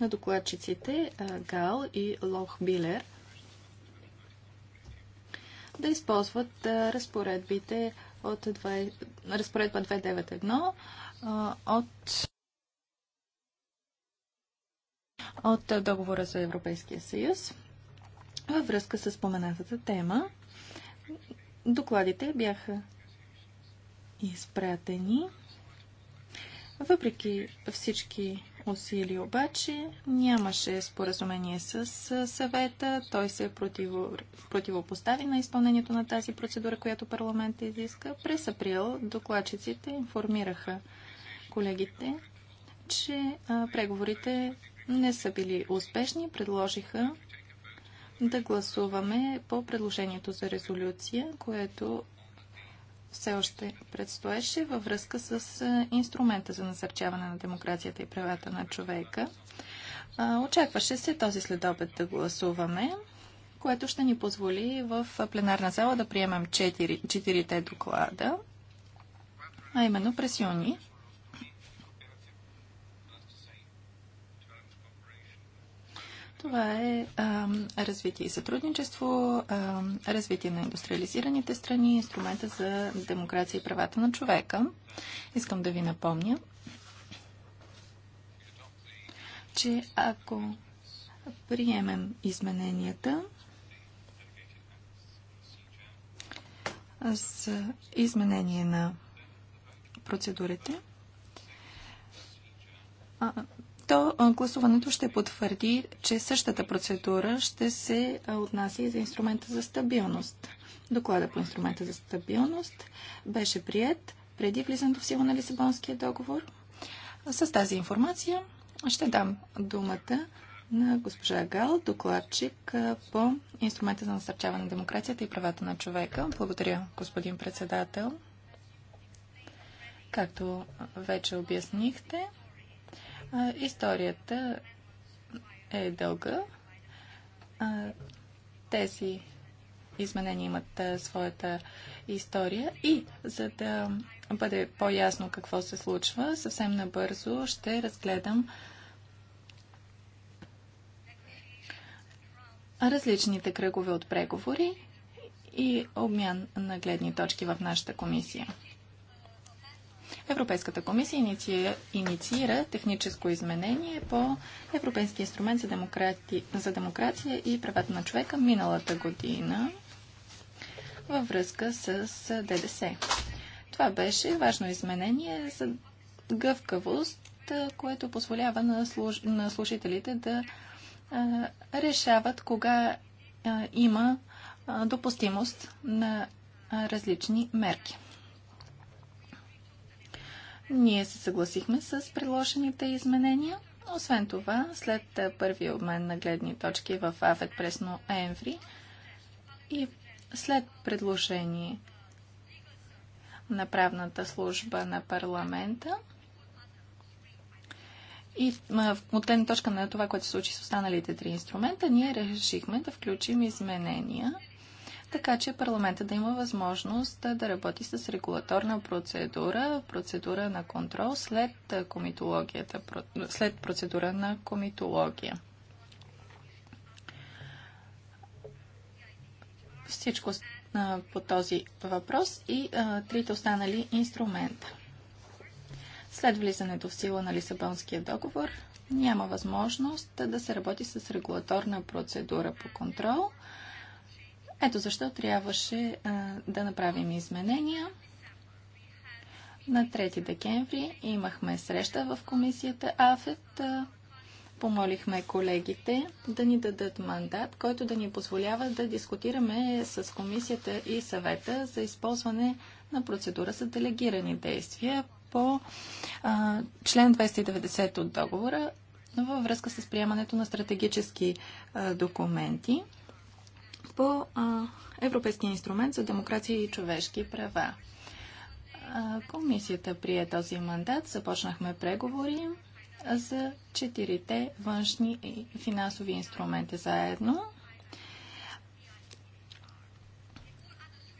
на докладчиците Гал и Лох Билер да използват разпоредбите от 2, разпоредба 291 от от договора за Европейския съюз във връзка с споменатата тема. Докладите бяха изпратени. Въпреки всички усилия обаче нямаше споразумение с съвета. Той се противопостави на изпълнението на тази процедура, която парламентът изиска. През април докладчиците информираха колегите, че преговорите не са били успешни. Предложиха да гласуваме по предложението за резолюция, което все още предстоеше във връзка с инструмента за насърчаване на демокрацията и правата на човека. Очакваше се този следобед да гласуваме, което ще ни позволи в пленарна зала да приемем четирите доклада, а именно през юни. Това е а, развитие и сътрудничество, а, развитие на индустриализираните страни, инструмента за демокрация и правата на човека. Искам да ви напомня, че ако приемем измененията с изменение на процедурите, то гласуването ще потвърди, че същата процедура ще се отнася и за инструмента за стабилност. Доклада по инструмента за стабилност беше прият преди влизането в сила на Лисабонския договор. С тази информация ще дам думата на госпожа Гал, докладчик по инструмента за насърчаване на демокрацията и правата на човека. Благодаря, господин председател. Както вече обяснихте, Историята е дълга. Тези изменения имат своята история и за да бъде по-ясно какво се случва, съвсем набързо ще разгледам различните кръгове от преговори и обмян на гледни точки в нашата комисия. Европейската комисия инициира, инициира техническо изменение по Европейския инструмент за, демократи, за демокрация и правата на човека миналата година във връзка с ДДС. Това беше важно изменение за гъвкавост, което позволява на, служ... на служителите да а, решават кога а, има а, допустимост на различни мерки. Ние се съгласихме с предложените изменения. Освен това, след е, първия обмен на гледни точки в Афет Пресно Енври и след предложение на правната служба на парламента и е, от гледна точка на това, което се случи с останалите три инструмента, ние решихме да включим изменения – така че парламента да има възможност да работи с регулаторна процедура, процедура на контрол след, комитологията, след процедура на комитология. Всичко а, по този въпрос и а, трите останали инструмента. След влизането в сила на Лисабонския договор няма възможност да се работи с регулаторна процедура по контрол – ето защо трябваше а, да направим изменения. На 3 декември имахме среща в комисията АФЕТ. Помолихме колегите да ни дадат мандат, който да ни позволява да дискутираме с комисията и съвета за използване на процедура за делегирани действия по а, член 290 от договора във връзка с приемането на стратегически а, документи по Европейския инструмент за демокрация и човешки права. Комисията прие този мандат, започнахме преговори за четирите външни и финансови инструменти заедно.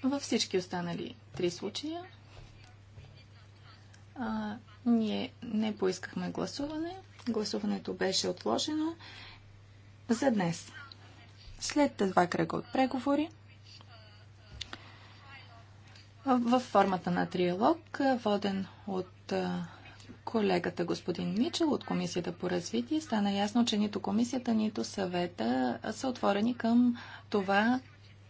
Във всички останали три случая а, ние не поискахме гласуване. Гласуването беше отложено за днес. След два кръга от преговори, в формата на триалог, воден от колегата господин Мичел от Комисията по развитие, стана ясно, че нито комисията, нито съвета са отворени към това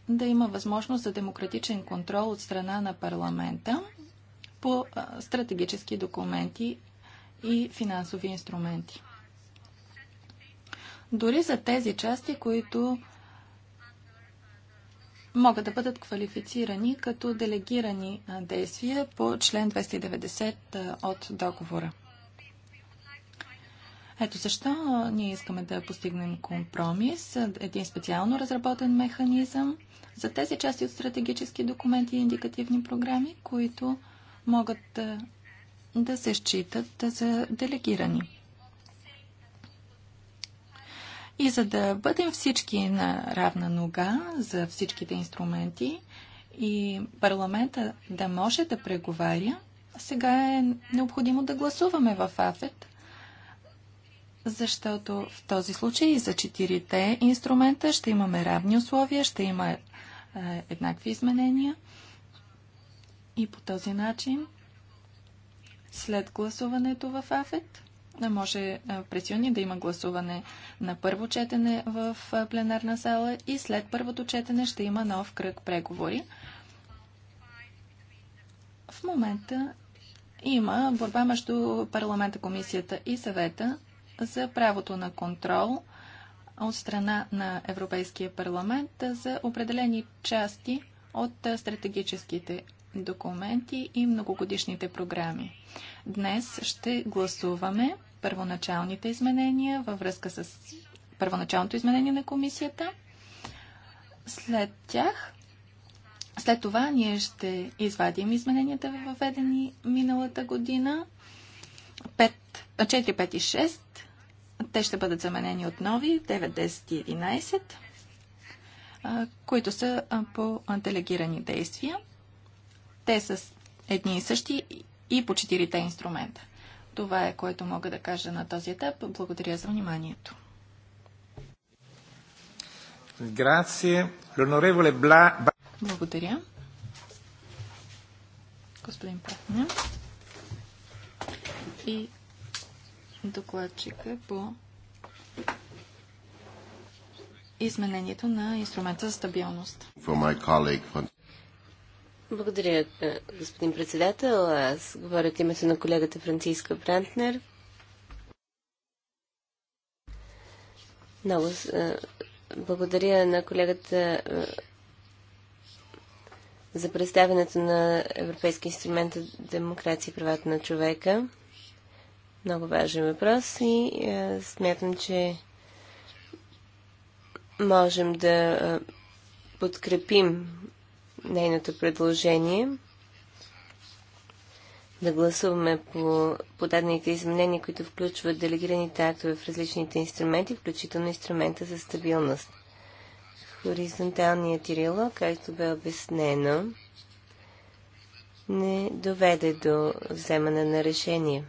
да има възможност за демократичен контрол от страна на парламента по стратегически документи и финансови инструменти. Дори за тези части, които могат да бъдат квалифицирани като делегирани действия по член 290 от договора. Ето защо ние искаме да постигнем компромис, един специално разработен механизъм за тези части от стратегически документи и индикативни програми, които могат да, да се считат за делегирани. И за да бъдем всички на равна нога за всичките инструменти и парламента да може да преговаря, сега е необходимо да гласуваме в АФЕТ, защото в този случай за четирите инструмента ще имаме равни условия, ще има е, еднакви изменения и по този начин след гласуването в АФЕТ да може през юни да има гласуване на първо четене в пленарна зала и след първото четене ще има нов кръг преговори. В момента има борба между парламента, комисията и съвета за правото на контрол от страна на Европейския парламент за определени части от стратегическите документи и многогодишните програми. Днес ще гласуваме първоначалните изменения във връзка с първоначалното изменение на комисията. След тях, след това ние ще извадим измененията въведени миналата година. 4, 5 и 6. Те ще бъдат заменени от нови 9, 10 11, които са по делегирани действия. Те са едни и същи и по четирите инструмента. Това е което мога да кажа на този етап. Благодаря за вниманието. Благодаря. Господин Патня. И докладчика по изменението на инструмента за стабилност. Благодаря, господин председател. Аз говоря от името на колегата Франциска Брантнер. Много благодаря на колегата за представянето на Европейски инструмент за демокрация и правата на човека. Много важен въпрос и смятам, че можем да подкрепим нейното предложение. Да гласуваме по подадените изменения, които включват делегираните актове в различните инструменти, включително инструмента за стабилност. Хоризонталният тирило, както бе обяснено, не доведе до вземане на решение.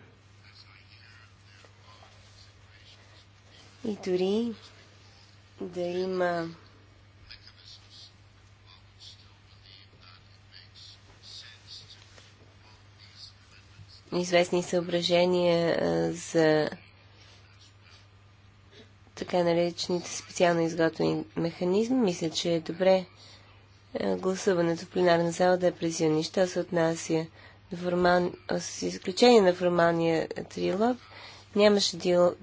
И дори да има известни съображения за така наречените специално изготвени механизми. Мисля, че е добре гласуването в пленарна зала да е през юни. Що се отнася до формал... с изключение на формалния трилог, нямаше диалог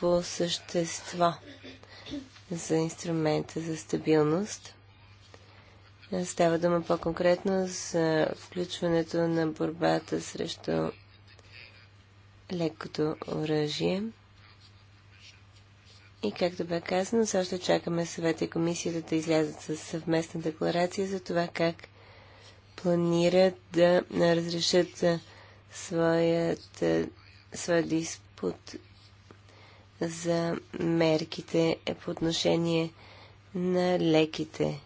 по същество за инструмента за стабилност. Става дума по-конкретно за включването на борбата срещу лекото оръжие. И както бе казано, все още чакаме съвета и комисията да излязат с съвместна декларация за това как планират да разрешат своят, своя диспут за мерките по отношение на леките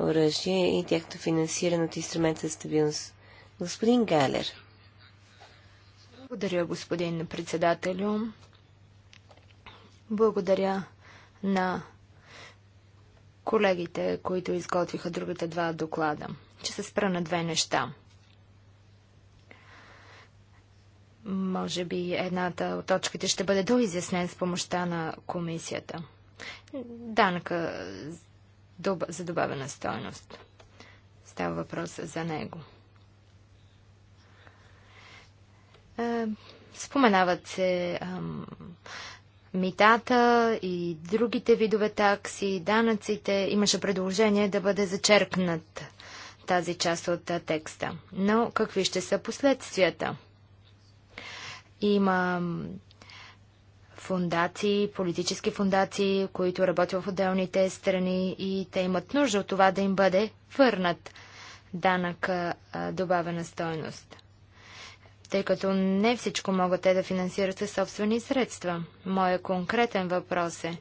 оръжие и тяхто финансиране от инструмента за стабилност. Господин Галер. Благодаря, господин председателю. Благодаря на колегите, които изготвиха другите два доклада. Ще се спра на две неща. Може би едната от точките ще бъде доизяснен с помощта на комисията. Данка за добавена стойност. Става въпрос за него. Е, споменават се митата и другите видове такси, данъците. Имаше предложение да бъде зачеркнат тази част от текста. Но какви ще са последствията? Има фундации, политически фундации, които работят в отделните страни и те имат нужда от това да им бъде върнат данък добавена стойност. Тъй като не всичко могат те да финансират със собствени средства. Моя конкретен въпрос е,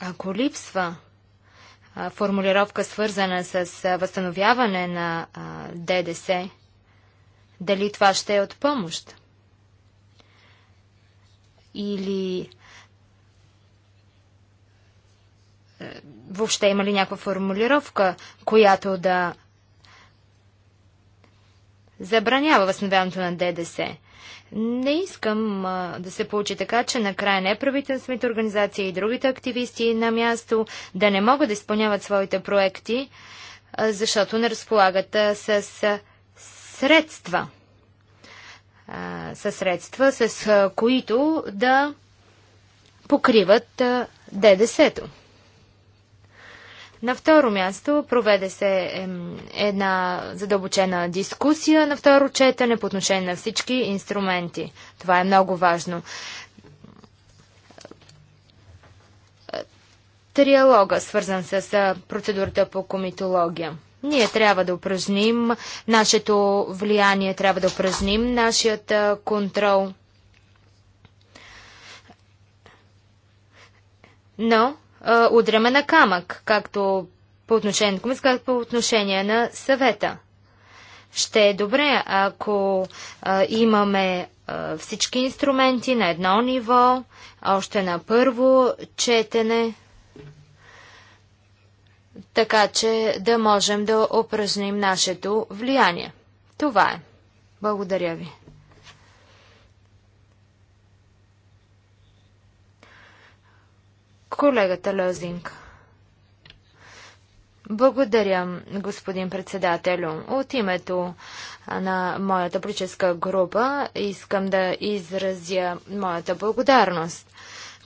ако липсва а, формулировка свързана с а, възстановяване на а, ДДС, дали това ще е от помощ? или е, въобще има ли някаква формулировка, която да забранява възстановяването на ДДС. Не искам а, да се получи така, че накрая неправителствените организации и другите активисти на място да не могат да изпълняват своите проекти, а, защото не разполагат а, с а, средства. Със средства, с а, които да покриват а, ДДС-то. На второ място проведе се една задълбочена дискусия на второ четене по отношение на всички инструменти. Това е много важно. Триалога, свързан с процедурата по комитология. Ние трябва да упражним нашето влияние, трябва да упражним нашият контрол. Но удряме на камък, както по отношение на комисията, както по отношение на съвета. Ще е добре, ако а, имаме а, всички инструменти на едно ниво, още на първо четене така че да можем да упражним нашето влияние. Това е. Благодаря ви. Колегата Лозинг. Благодаря, господин председателю. От името на моята политическа група искам да изразя моята благодарност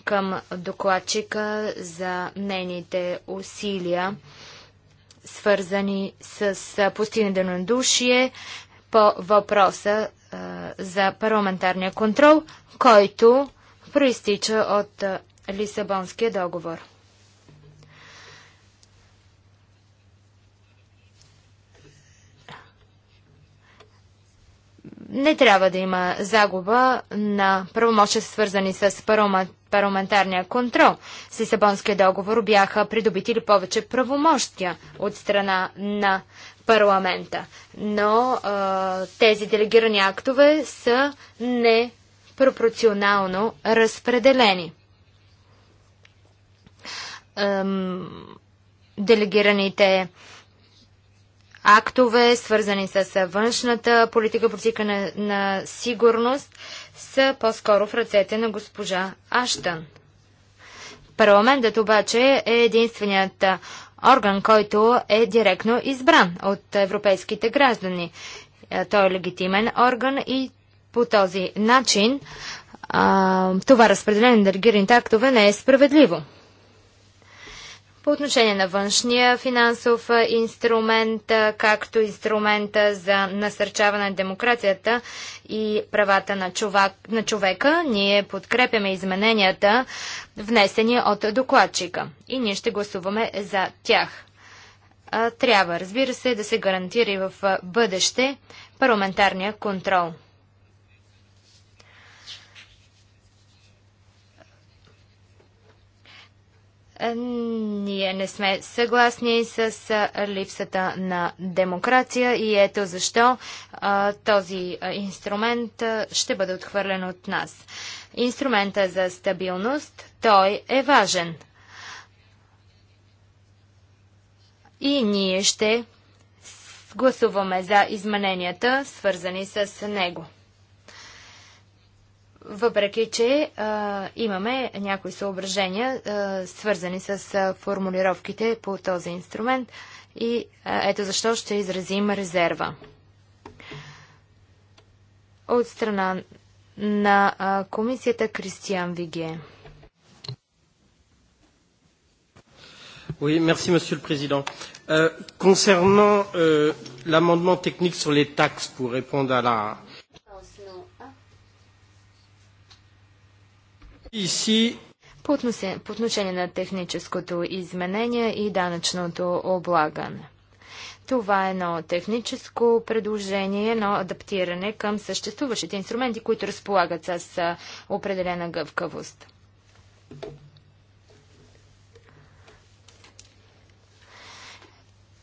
към докладчика за нейните усилия, свързани с постигане на душие по въпроса за парламентарния контрол, който проистича от Лисабонския договор. не трябва да има загуба на правомощи, свързани с парламент парламентарния контрол. С Лисабонския договор бяха придобити ли повече правомощия от страна на парламента. Но а, тези делегирани актове са непропорционално разпределени. Ам, делегираните актове, свързани с външната политика, политика на, на сигурност, са по-скоро в ръцете на госпожа Аштън. Парламентът обаче е единственият орган, който е директно избран от европейските граждани. Е, той е легитимен орган и по този начин а, това разпределение на делегираните актове не е справедливо. По отношение на външния финансов инструмент, както инструмента за насърчаване на демокрацията и правата на, човек, на човека, ние подкрепяме измененията, внесени от докладчика. И ние ще гласуваме за тях. Трябва, разбира се, да се гарантира и в бъдеще парламентарния контрол. Ние не сме съгласни с липсата на демокрация и ето защо този инструмент ще бъде отхвърлен от нас. Инструмента за стабилност, той е важен. И ние ще гласуваме за измененията, свързани с него. Въпреки, че а, имаме някои съображения, а, свързани с а, формулировките по този инструмент и а, ето защо ще изразим резерва. От страна на а, комисията Кристиан Виге. Oui, merci, Monsieur le Président. Euh, concernant euh, l'amendement technique sur les taxes, pour répondre à la, euh, По отношение, на техническото изменение и данъчното облагане. Това е едно техническо предложение, едно адаптиране към съществуващите инструменти, които разполагат с определена гъвкавост.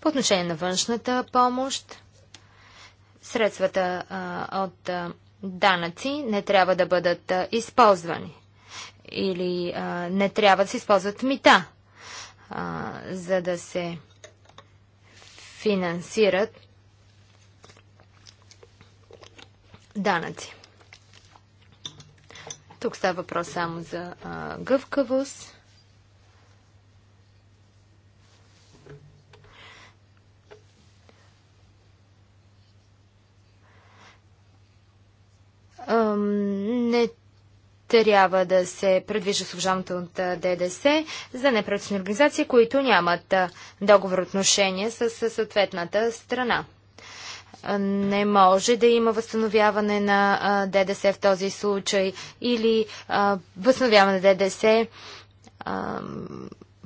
По отношение на външната помощ, средствата от данъци не трябва да бъдат използвани или а, не трябва да се използват мита, а, за да се финансират данъци. Тук става въпрос само за а, гъвкавост. не трябва да се предвижда служаното от ДДС за неправителствени организации, които нямат договор отношение с съответната страна. Не може да има възстановяване на ДДС в този случай или възстановяване на ДДС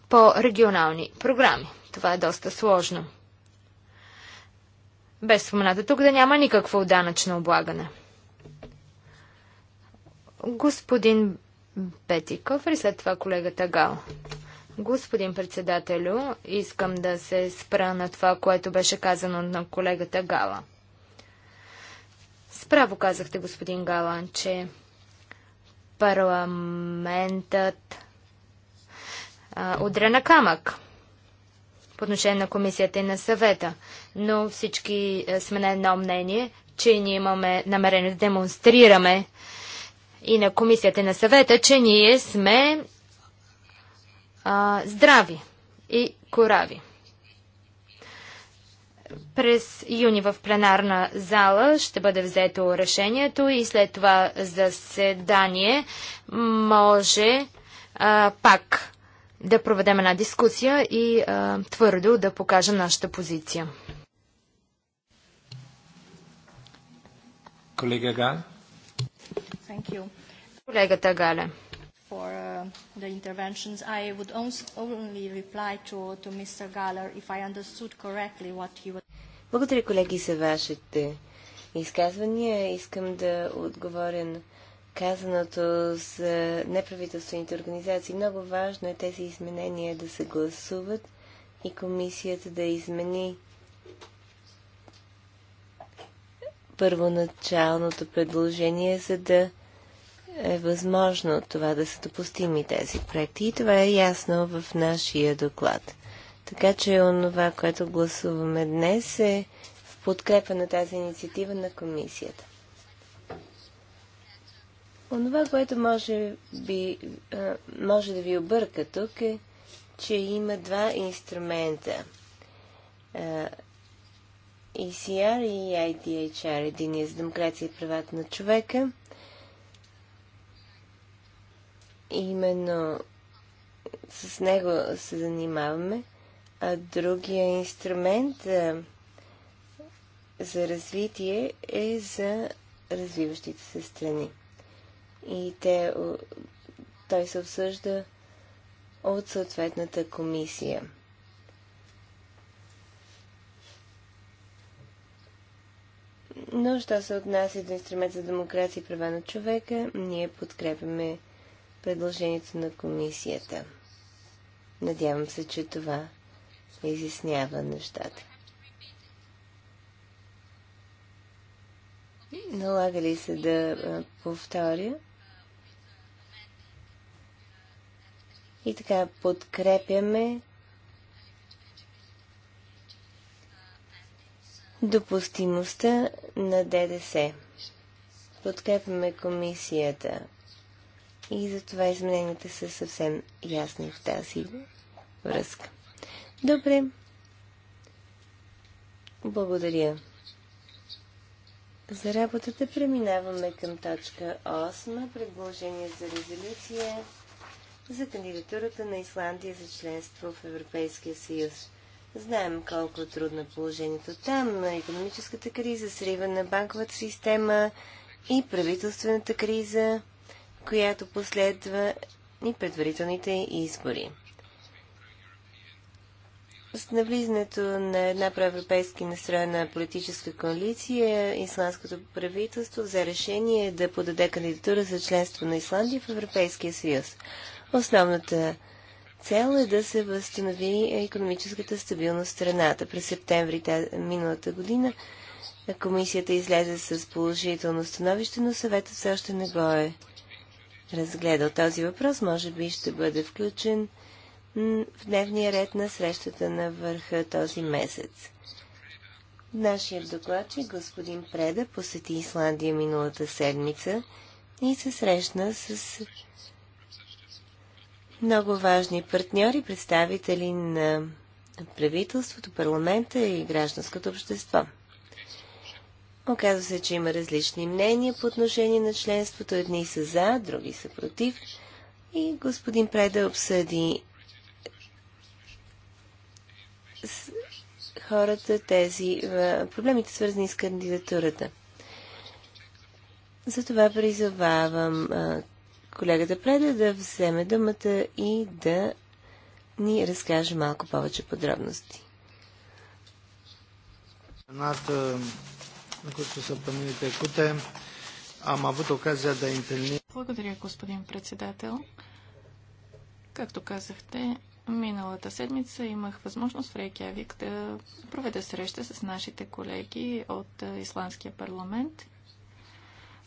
по регионални програми. Това е доста сложно. Без спомената тук да няма никакво данъчно облагане. Господин Петиков и след това колегата Гал. Господин председателю, искам да се спра на това, което беше казано на колегата Гала. Справо казахте, господин Гала, че парламентът а, удря на камък по отношение на комисията и на съвета. Но всички сме на едно мнение, че ние имаме намерение да демонстрираме и на комисията и на съвета, че ние сме а, здрави и корави. През юни в пленарна зала ще бъде взето решението и след това заседание може а, пак да проведем една дискусия и а, твърдо да покажем нашата позиция. Колега Гал, Колегата Гале. For uh, the interventions, I would only reply to, to Mr. Galler if I understood correctly what he was. Благодаря, колеги, за вашите изказвания. Искам да отговоря на казаното с неправителствените организации. Много важно е тези изменения да се гласуват и комисията да измени първоначалното предложение, за да е възможно това да са допустими тези проекти. И това е ясно в нашия доклад. Така че онова, което гласуваме днес е в подкрепа на тази инициатива на комисията. Онова, което може, би, може да ви обърка тук е, че има два инструмента. ECR и IDHR, единия за демокрация и правата на човека – именно с него се занимаваме, а другия инструмент а, е, за развитие е за развиващите се страни. И те, той се обсъжда от съответната комисия. Но, що се отнася до инструмент за демокрация и права на човека, ние подкрепяме предложението на комисията. Надявам се, че това изяснява нещата. Налага ли се да повторя? И така, подкрепяме допустимостта на ДДС. Подкрепяме комисията и затова измененията са съвсем ясни в тази връзка. Добре. Благодаря. За работата преминаваме към точка 8. Предложение за резолюция за кандидатурата на Исландия за членство в Европейския съюз. Знаем колко е трудно положението там, економическата криза, срива на банковата система и правителствената криза – която последва и предварителните избори. С навлизането на една проевропейски настроена политическа коалиция, исландското правителство взе решение да подаде кандидатура за членство на Исландия в Европейския съюз. Основната цел е да се възстанови економическата стабилност в страната. През септември миналата година комисията излезе с положително становище, но съветът все още не го е разгледал този въпрос, може би ще бъде включен в дневния ред на срещата на върха този месец. Нашият докладчик, господин Преда, посети Исландия миналата седмица и се срещна с много важни партньори, представители на правителството, парламента и гражданското общество. Оказва се, че има различни мнения по отношение на членството. Едни са за, други са против. И господин Преда обсъди с хората тези проблемите, свързани с кандидатурата. Затова призовавам колегата Преда да вземе думата и да ни разкаже малко повече подробности които са планирате куте. Ама avut ocazia да a е Благодаря, господин председател. Както казахте, миналата седмица имах възможност в Рейкявик да проведа среща с нашите колеги от Исландския парламент.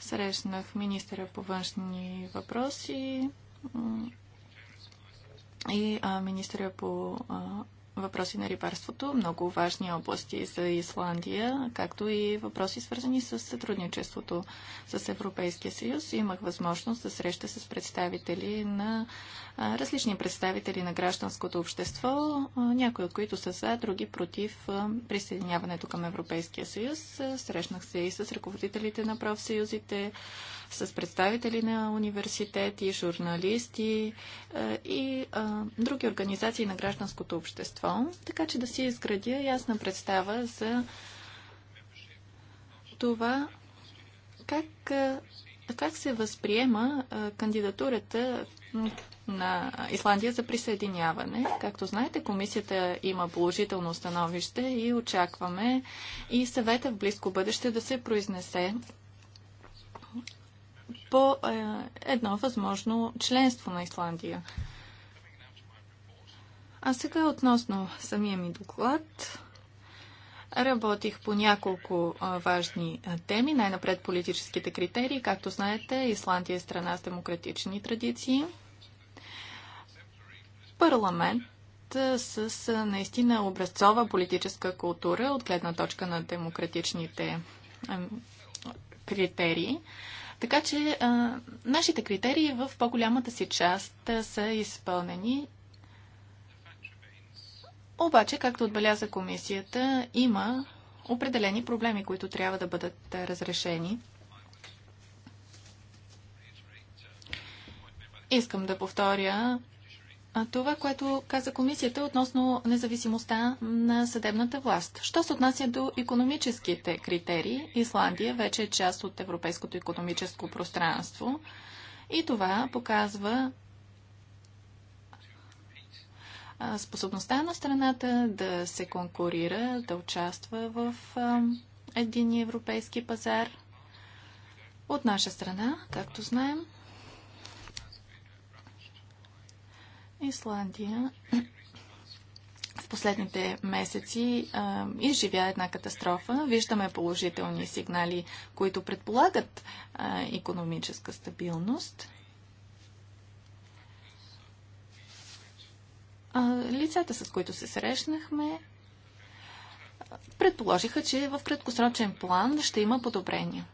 Срещнах министъра по външни въпроси и министъра по въпроси на рибарството, много важни области за Исландия, както и въпроси свързани с сътрудничеството с Европейския съюз. Имах възможност да среща с представители на различни представители на гражданското общество, някои от които са за, други против присъединяването към Европейския съюз. Срещнах се и с ръководителите на профсъюзите, с представители на университети, журналисти е, и други организации на гражданското общество, така че да си изградя ясна представа за това как, е, как се възприема е, кандидатурата на Исландия за присъединяване. Както знаете, комисията има положително становище и очакваме и съвета в близко бъдеще да се произнесе по е, едно възможно членство на Исландия. А сега относно самия ми доклад. Работих по няколко а, важни а, теми. Най-напред политическите критерии. Както знаете, Исландия е страна с демократични традиции. Парламент а, с наистина образцова политическа култура от гледна точка на демократичните критерии. Така че а, нашите критерии в по-голямата си част са изпълнени. Обаче, както отбеляза комисията, има определени проблеми, които трябва да бъдат разрешени. Искам да повторя това, което каза комисията относно независимостта на съдебната власт. Що се отнася до економическите критерии, Исландия вече е част от европейското економическо пространство и това показва способността на страната да се конкурира, да участва в един европейски пазар. От наша страна, както знаем, Исландия в последните месеци а, изживя една катастрофа. Виждаме положителни сигнали, които предполагат а, економическа стабилност. А, лицата, с които се срещнахме, предположиха, че в краткосрочен план ще има подобрения.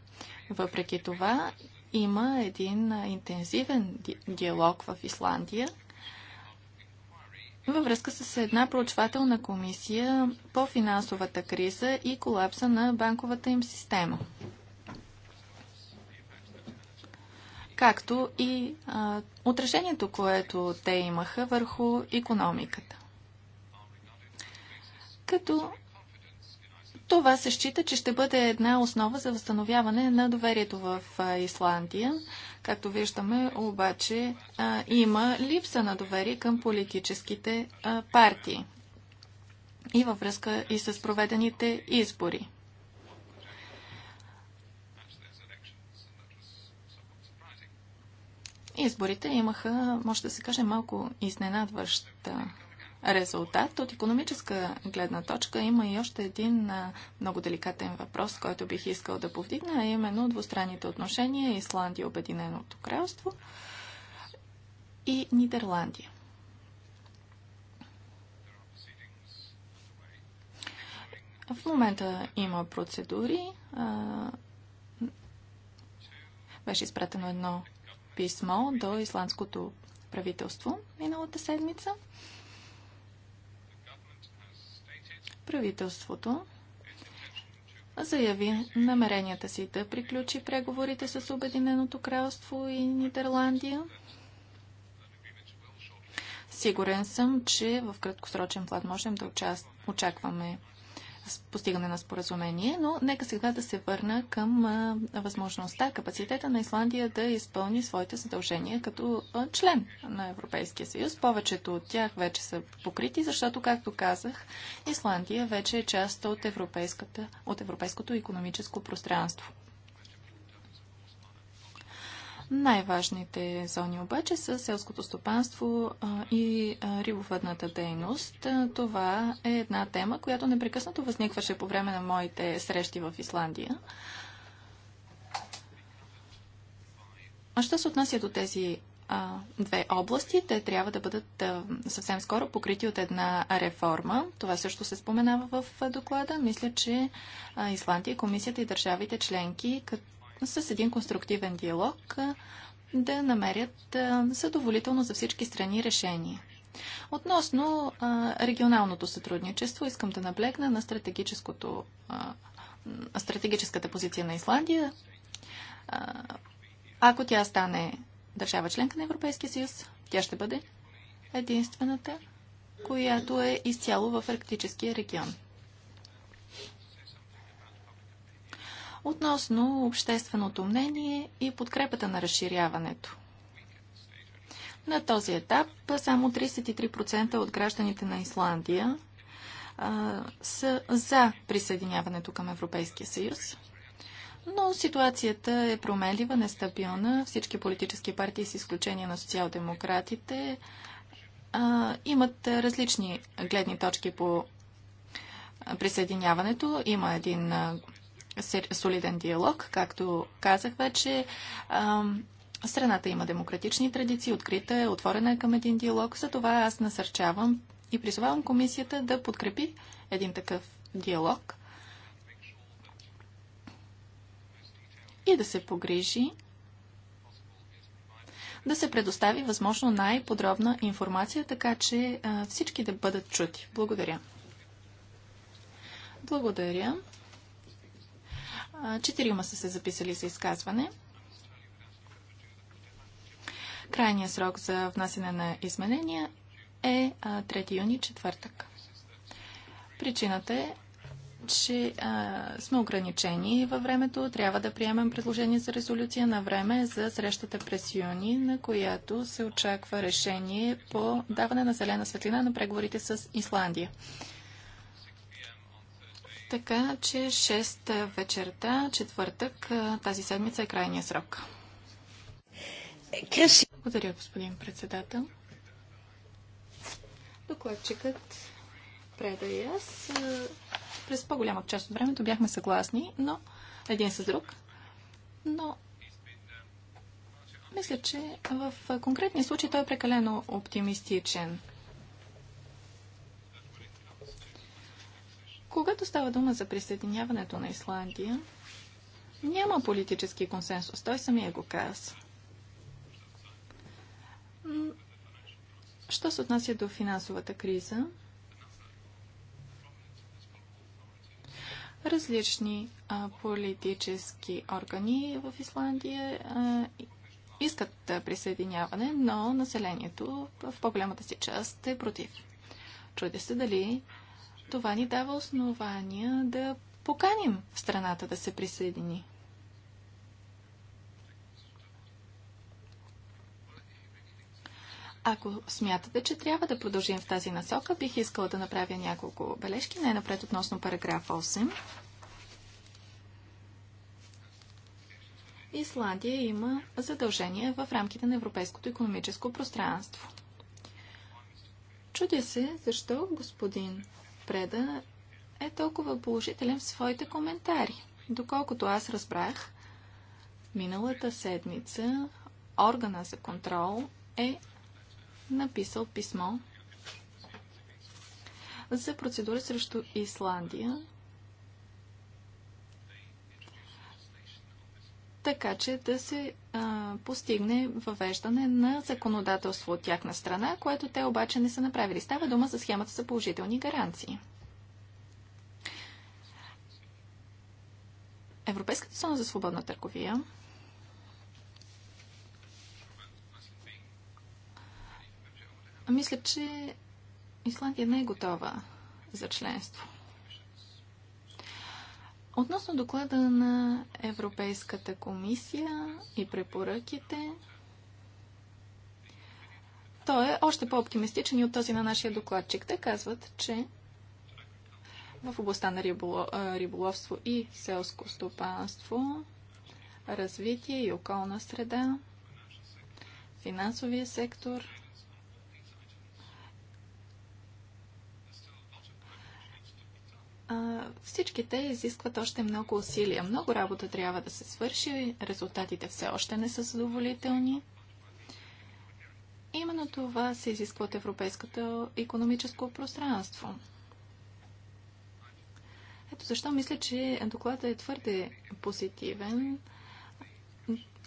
Въпреки това, има един интензивен диалог в Исландия – във връзка с една проучвателна комисия по финансовата криза и колапса на банковата им система. Както и а, отражението, което те имаха върху економиката. Като това се счита, че ще бъде една основа за възстановяване на доверието в Исландия. Както виждаме, обаче има липса на доверие към политическите партии и във връзка и с проведените избори. Изборите имаха, може да се каже, малко изненадващ резултат. От економическа гледна точка има и още един много деликатен въпрос, който бих искал да повдигна, а именно двустранните отношения Исландия, Обединеното кралство и Нидерландия. В момента има процедури. Беше изпратено едно писмо до исландското правителство миналата седмица правителството заяви намеренията си да приключи преговорите с Обединеното кралство и Нидерландия. Сигурен съм, че в краткосрочен план можем да очакваме постигане на споразумение, но нека сега да се върна към а, възможността, капацитета на Исландия да изпълни своите задължения като а, член на Европейския съюз. Повечето от тях вече са покрити, защото, както казах, Исландия вече е част от, от европейското економическо пространство. Най-важните зони обаче са селското стопанство и рибовъдната дейност. Това е една тема, която непрекъснато възникваше по време на моите срещи в Исландия. А що се отнася до тези а, две области, те трябва да бъдат а, съвсем скоро покрити от една реформа. Това също се споменава в доклада. Мисля, че а, Исландия, комисията и държавите членки, като с един конструктивен диалог да намерят задоволително за всички страни решение. Относно регионалното сътрудничество, искам да наблегна на стратегическото, стратегическата позиция на Исландия. ако тя стане държава членка на Европейския съюз, тя ще бъде единствената, която е изцяло в арктическия регион. относно общественото мнение и подкрепата на разширяването. На този етап само 33% от гражданите на Исландия а, са за присъединяването към Европейския съюз. Но ситуацията е промелива, нестабилна. Всички политически партии, с изключение на социал-демократите, имат различни гледни точки по присъединяването. Има един солиден диалог. Както казах вече, страната има демократични традиции, открита е, отворена е към един диалог. За това аз насърчавам и призовавам комисията да подкрепи един такъв диалог и да се погрижи да се предостави възможно най-подробна информация, така че всички да бъдат чути. Благодаря. Благодаря. Четирима са се записали за изказване. Крайният срок за внасене на изменения е 3 юни, четвъртък. Причината е, че а, сме ограничени във времето. Трябва да приемем предложение за резолюция на време за срещата през юни, на която се очаква решение по даване на зелена светлина на преговорите с Исландия. Така че 6 вечерта, четвъртък, тази седмица е крайния срок. Благодаря, господин председател. Докладчикът Преда и аз през по-голяма част от времето бяхме съгласни, но един с друг. Но мисля, че в конкретния случай той е прекалено оптимистичен. Когато става дума за присъединяването на Исландия, няма политически консенсус. Той самия го каза. Що се отнася до финансовата криза, различни а, политически органи в Исландия а, искат присъединяване, но населението в по-голямата си част е против. Чуди се дали това ни дава основания да поканим страната да се присъедини. Ако смятате, че трябва да продължим в тази насока, бих искала да направя няколко бележки, най-напред относно параграф 8. Исландия има задължения в рамките на Европейското економическо пространство. Чудя се, защо господин Преда е толкова положителен в своите коментари. Доколкото аз разбрах, миналата седмица органа за контрол е написал писмо за процедура срещу Исландия така че да се а, постигне въвеждане на законодателство от тяхна страна, което те обаче не са направили. Става дума за схемата за положителни гаранции. Европейската зона за свободна търговия мисля, че Исландия не е готова за членство. Относно доклада на Европейската комисия и препоръките, той е още по-оптимистичен и от този на нашия докладчик. Те казват, че в областта на риболовство и селско стопанство, развитие и околна среда, финансовия сектор, всички те изискват още много усилия. Много работа трябва да се свърши, резултатите все още не са задоволителни. Именно това се изисква от Европейското економическо пространство. Ето защо мисля, че докладът е твърде позитивен.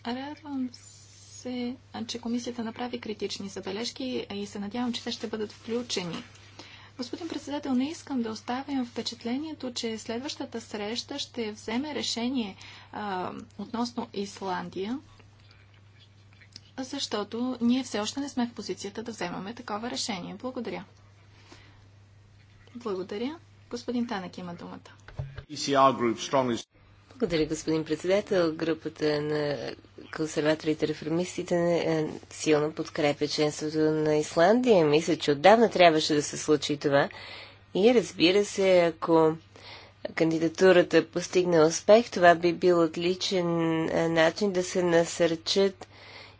Радвам се, че комисията направи критични забележки и се надявам, че те ще бъдат включени Господин председател, не искам да оставям впечатлението, че следващата среща ще вземе решение а, относно Исландия, защото ние все още не сме в позицията да вземаме такова решение. Благодаря. Благодаря. Господин Танък има думата. E Благодаря, господин председател. Групата на консерваторите реформистите не, силно подкрепят членството на Исландия. Мисля, че отдавна трябваше да се случи това. И разбира се, ако кандидатурата постигне успех, това би бил отличен е, начин да се насърчат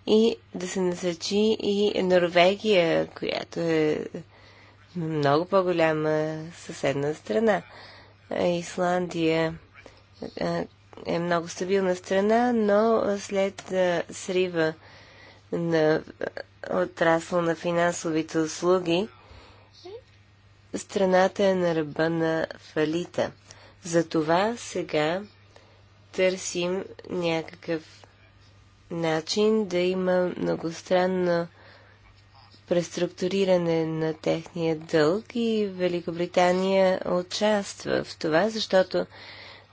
и да се насърчи и Норвегия, която е много по-голяма съседна страна. Е, Исландия е, е много стабилна страна, но след срива на отрасъл на финансовите услуги, страната е на ръба на фалита. Затова сега търсим някакъв начин да има многостранно преструктуриране на техния дълг и Великобритания участва в това, защото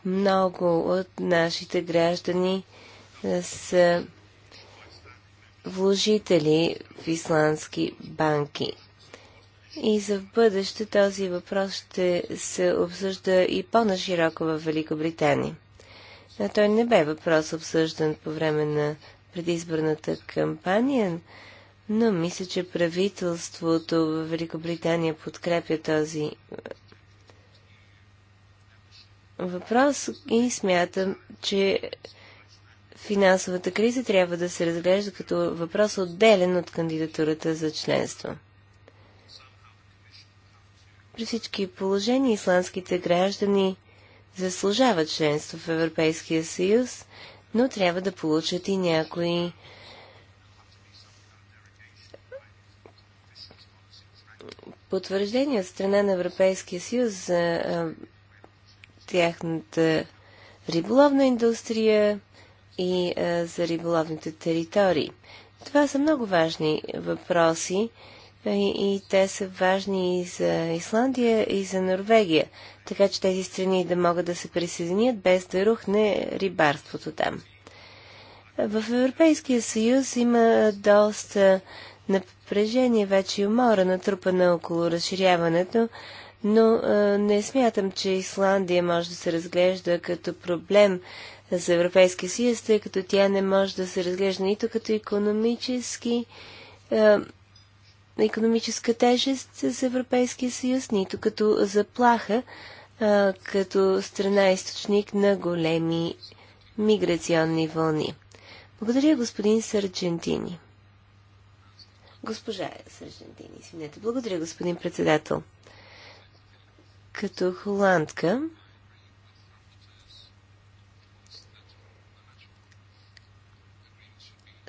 много от нашите граждани са вложители в исландски банки. И за в бъдеще този въпрос ще се обсъжда и по-нашироко в Великобритания. А той не бе въпрос обсъждан по време на предизборната кампания, но мисля, че правителството в Великобритания подкрепя този въпрос и смятам, че финансовата криза трябва да се разглежда като въпрос отделен от кандидатурата за членство. При всички положения исландските граждани заслужават членство в Европейския съюз, но трябва да получат и някои потвърждения от страна на Европейския съюз за тяхната риболовна индустрия и а, за риболовните територии. Това са много важни въпроси и, и те са важни и за Исландия, и за Норвегия, така че тези страни да могат да се присъединят без да рухне рибарството там. В Европейския съюз има доста напрежение вече и умора, натрупана около разширяването но а, не смятам, че Исландия може да се разглежда като проблем за Европейския съюз, тъй като тя не може да се разглежда нито като економически, а, економическа тежест за Европейския съюз, нито като заплаха, а, като страна източник на големи миграционни вълни. Благодаря, господин Сарджентини. Госпожа Сарджентини, извинете. Благодаря, господин председател. Като холандка,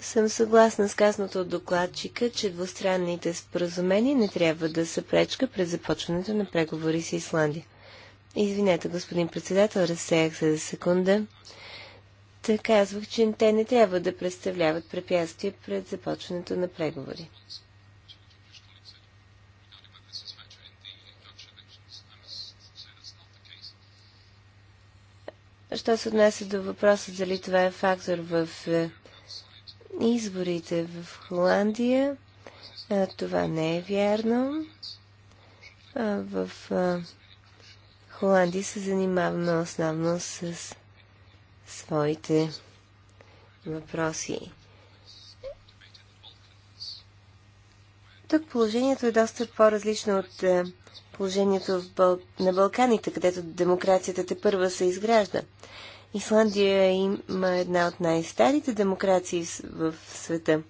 съм съгласна с казаното от докладчика, че двустранните споразумения не трябва да са пречка пред започването на преговори с Исландия. Извинете, господин председател, разсеях се за секунда. Та казвах, че те не трябва да представляват препятствие пред започването на преговори. Що се отнася до въпроса дали това е фактор в е, изборите в Холандия, е, това не е вярно. В е, Холандия се занимаваме основно с своите въпроси. Тук положението е доста по-различно от положението в Бал... на Балканите, където демокрацията те първа се изгражда. Исландия има една от най-старите демокрации в света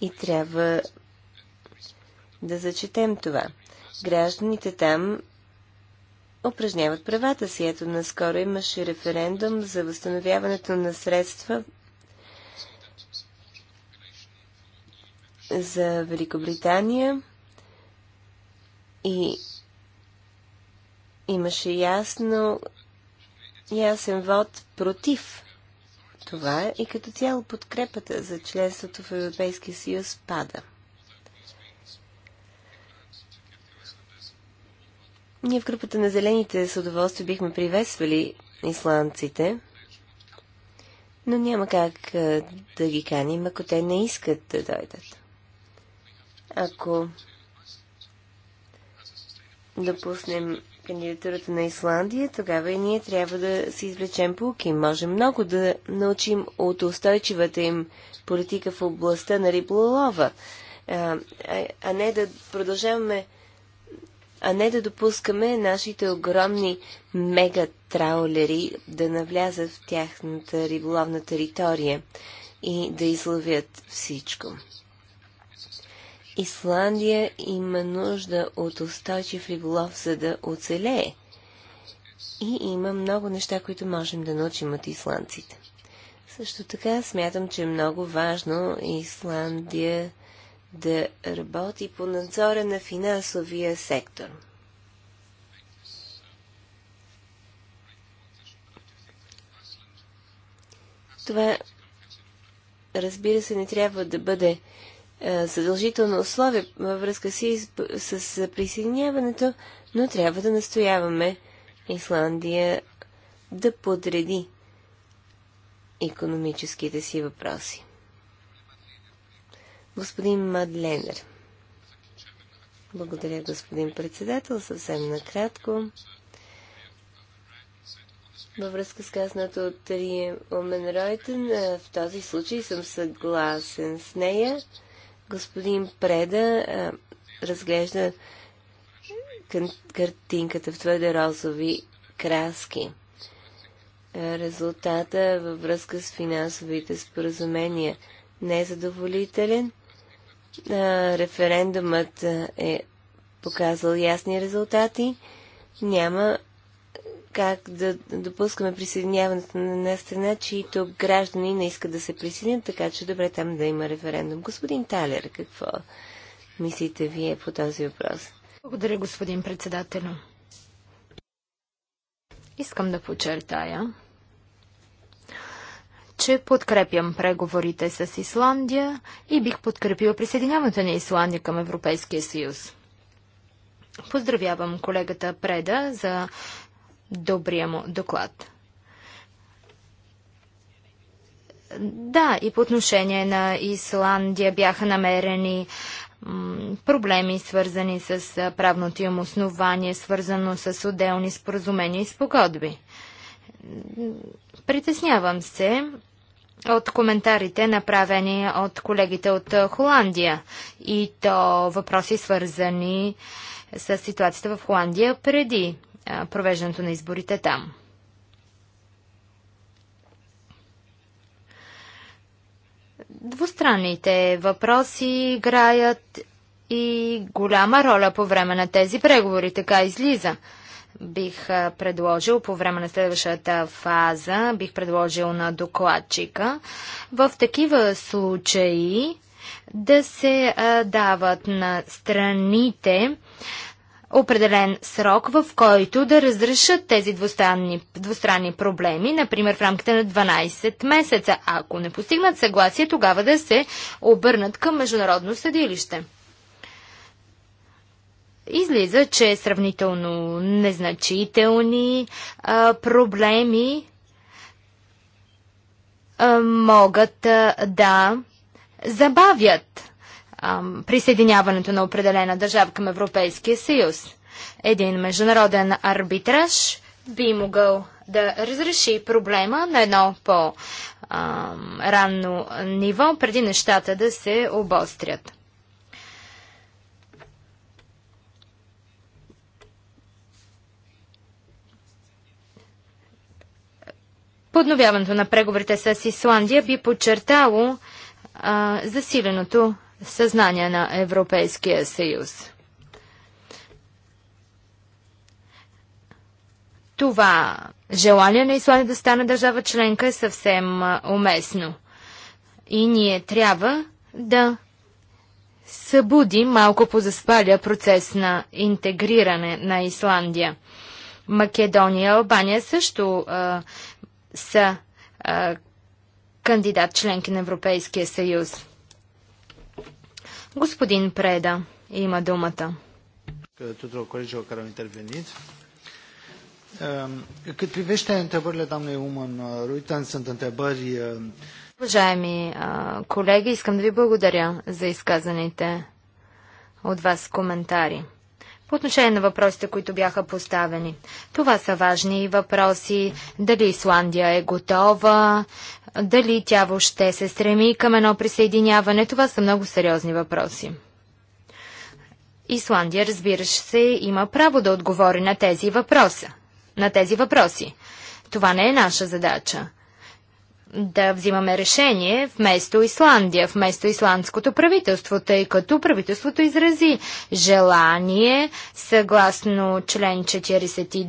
и трябва да зачетем това. Гражданите там упражняват правата си. Ето наскоро имаше референдум за възстановяването на средства за Великобритания и имаше ясно, ясен вод против това и като цяло подкрепата за членството в Европейския съюз пада. Ние в групата на зелените с удоволствие бихме приветствали исландците, но няма как да ги каним, ако те не искат да дойдат. Ако допуснем кандидатурата на Исландия, тогава и ние трябва да си извлечем полки. Може много да научим от устойчивата им политика в областта на риболова, а, а не да продължаваме а не да допускаме нашите огромни мегатраулери да навлязат в тяхната риболовна територия и да изловят всичко. Исландия има нужда от устойчив риболов, за да оцелее. И има много неща, които можем да научим от исландците. Също така смятам, че е много важно Исландия да работи по надзора на финансовия сектор. Това, разбира се, не трябва да бъде е, задължително условие във връзка си с, с присъединяването, но трябва да настояваме Исландия да подреди економическите си въпроси. Господин Мадленер. Благодаря, господин председател. Съвсем накратко. Във връзка с казаното от Рия Омен Ройтен, е, в този случай съм съгласен с нея господин Преда а, разглежда картинката в твърде розови краски. Резултата е във връзка с финансовите споразумения не е задоволителен. Референдумът е показал ясни резултати. Няма как да допускаме присъединяването на страна, чието граждани не искат да се присъединят, така че добре там да има референдум. Господин Талер, какво мислите вие по този въпрос? Благодаря, господин председател. Искам да подчертая, че подкрепям преговорите с Исландия и бих подкрепила присъединяването на Исландия към Европейския съюз. Поздравявам колегата Преда за добрия му доклад. Да, и по отношение на Исландия бяха намерени проблеми, свързани с правното им основание, свързано с отделни споразумения и спогодби. Притеснявам се от коментарите, направени от колегите от Холандия и то въпроси, свързани с ситуацията в Холандия преди провеждането на изборите там. Двустранните въпроси играят и голяма роля по време на тези преговори, така излиза. Бих предложил по време на следващата фаза, бих предложил на докладчика в такива случаи да се дават на страните определен срок, в който да разрешат тези двустранни, двустранни проблеми, например в рамките на 12 месеца. Ако не постигнат съгласие, тогава да се обърнат към Международно съдилище. Излиза, че сравнително незначителни а, проблеми а, могат а, да забавят ам, присъединяването на определена държава към Европейския съюз. Един международен арбитраж би могъл да разреши проблема на едно по-ранно ниво, преди нещата да се обострят. Подновяването на преговорите с Исландия би подчертало а, засиленото съзнание на Европейския съюз. Това желание на Исландия да стане държава членка е съвсем уместно. И ние трябва да събуди малко по заспалия процес на интегриране на Исландия. Македония и Албания също а, са а, кандидат членки на Европейския съюз. Господин Преда има думата. Tuturor colegilor care au intervenit. Cât privește întrebările doamnei Uman uh, Ruitan, sunt întrebări... Uh, Уважаеми колеги, искам да ви благодаря за изказаните от вас коментари. По отношение на въпросите, които бяха поставени. Това са важни въпроси. Дали Исландия е готова? Дали тя въобще се стреми към едно присъединяване? Това са много сериозни въпроси. Исландия, разбира се, има право да отговори на тези въпроса. На тези въпроси. Това не е наша задача. Да взимаме решение вместо Исландия, вместо исландското правителство, тъй като правителството изрази желание, съгласно член 49,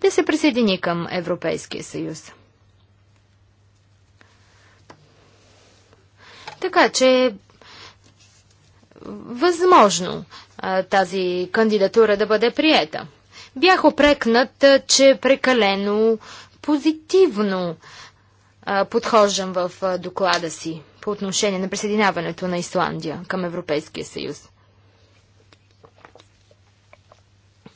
да се присъедини към Европейския съюз. Така че възможно а, тази кандидатура да бъде приета. Бях опрекнат, че прекалено позитивно а, подхождам в доклада си по отношение на присъединяването на Исландия към Европейския съюз.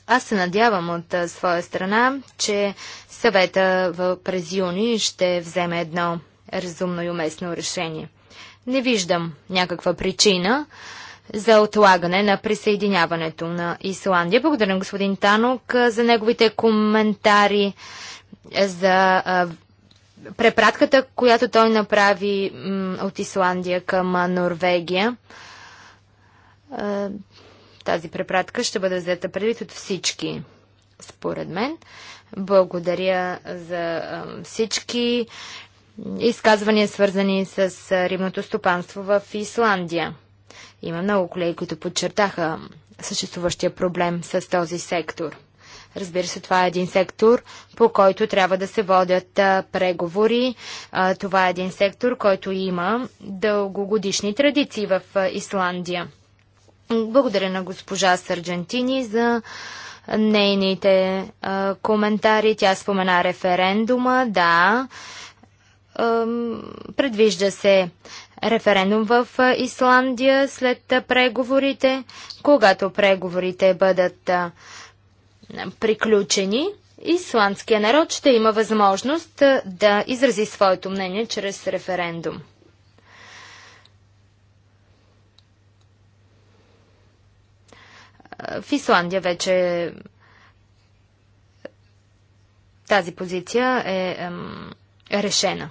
Аз се надявам от а, своя страна, че съвета в, през юни ще вземе едно разумно и уместно решение. Не виждам някаква причина за отлагане на присъединяването на Исландия. Благодаря господин Танок за неговите коментари, за препратката, която той направи от Исландия към Норвегия. тази препратка ще бъде взета предвид от всички, според мен. Благодаря за всички изказвания, свързани с рибното стопанство в Исландия. Има много колеги, които подчертаха съществуващия проблем с този сектор. Разбира се, това е един сектор, по който трябва да се водят преговори. това е един сектор, който има дългогодишни традиции в Исландия. Благодаря на госпожа Сарджантини за нейните коментари. Тя спомена референдума. Да, Предвижда се референдум в Исландия след преговорите. Когато преговорите бъдат приключени, исландския народ ще има възможност да изрази своето мнение чрез референдум. В Исландия вече тази позиция е, е решена.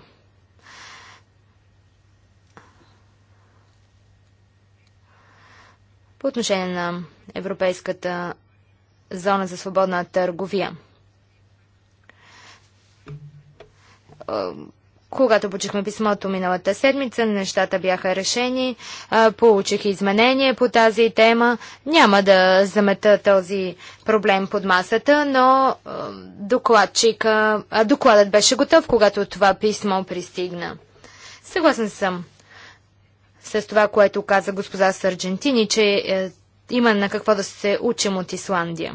по отношение на Европейската зона за свободна търговия. Когато получихме писмото миналата седмица, нещата бяха решени, получих изменение по тази тема. Няма да замета този проблем под масата, но докладчика, докладът беше готов, когато това писмо пристигна. Съгласен съм с това, което каза госпожа Сарджентини, че е, има на какво да се учим от Исландия.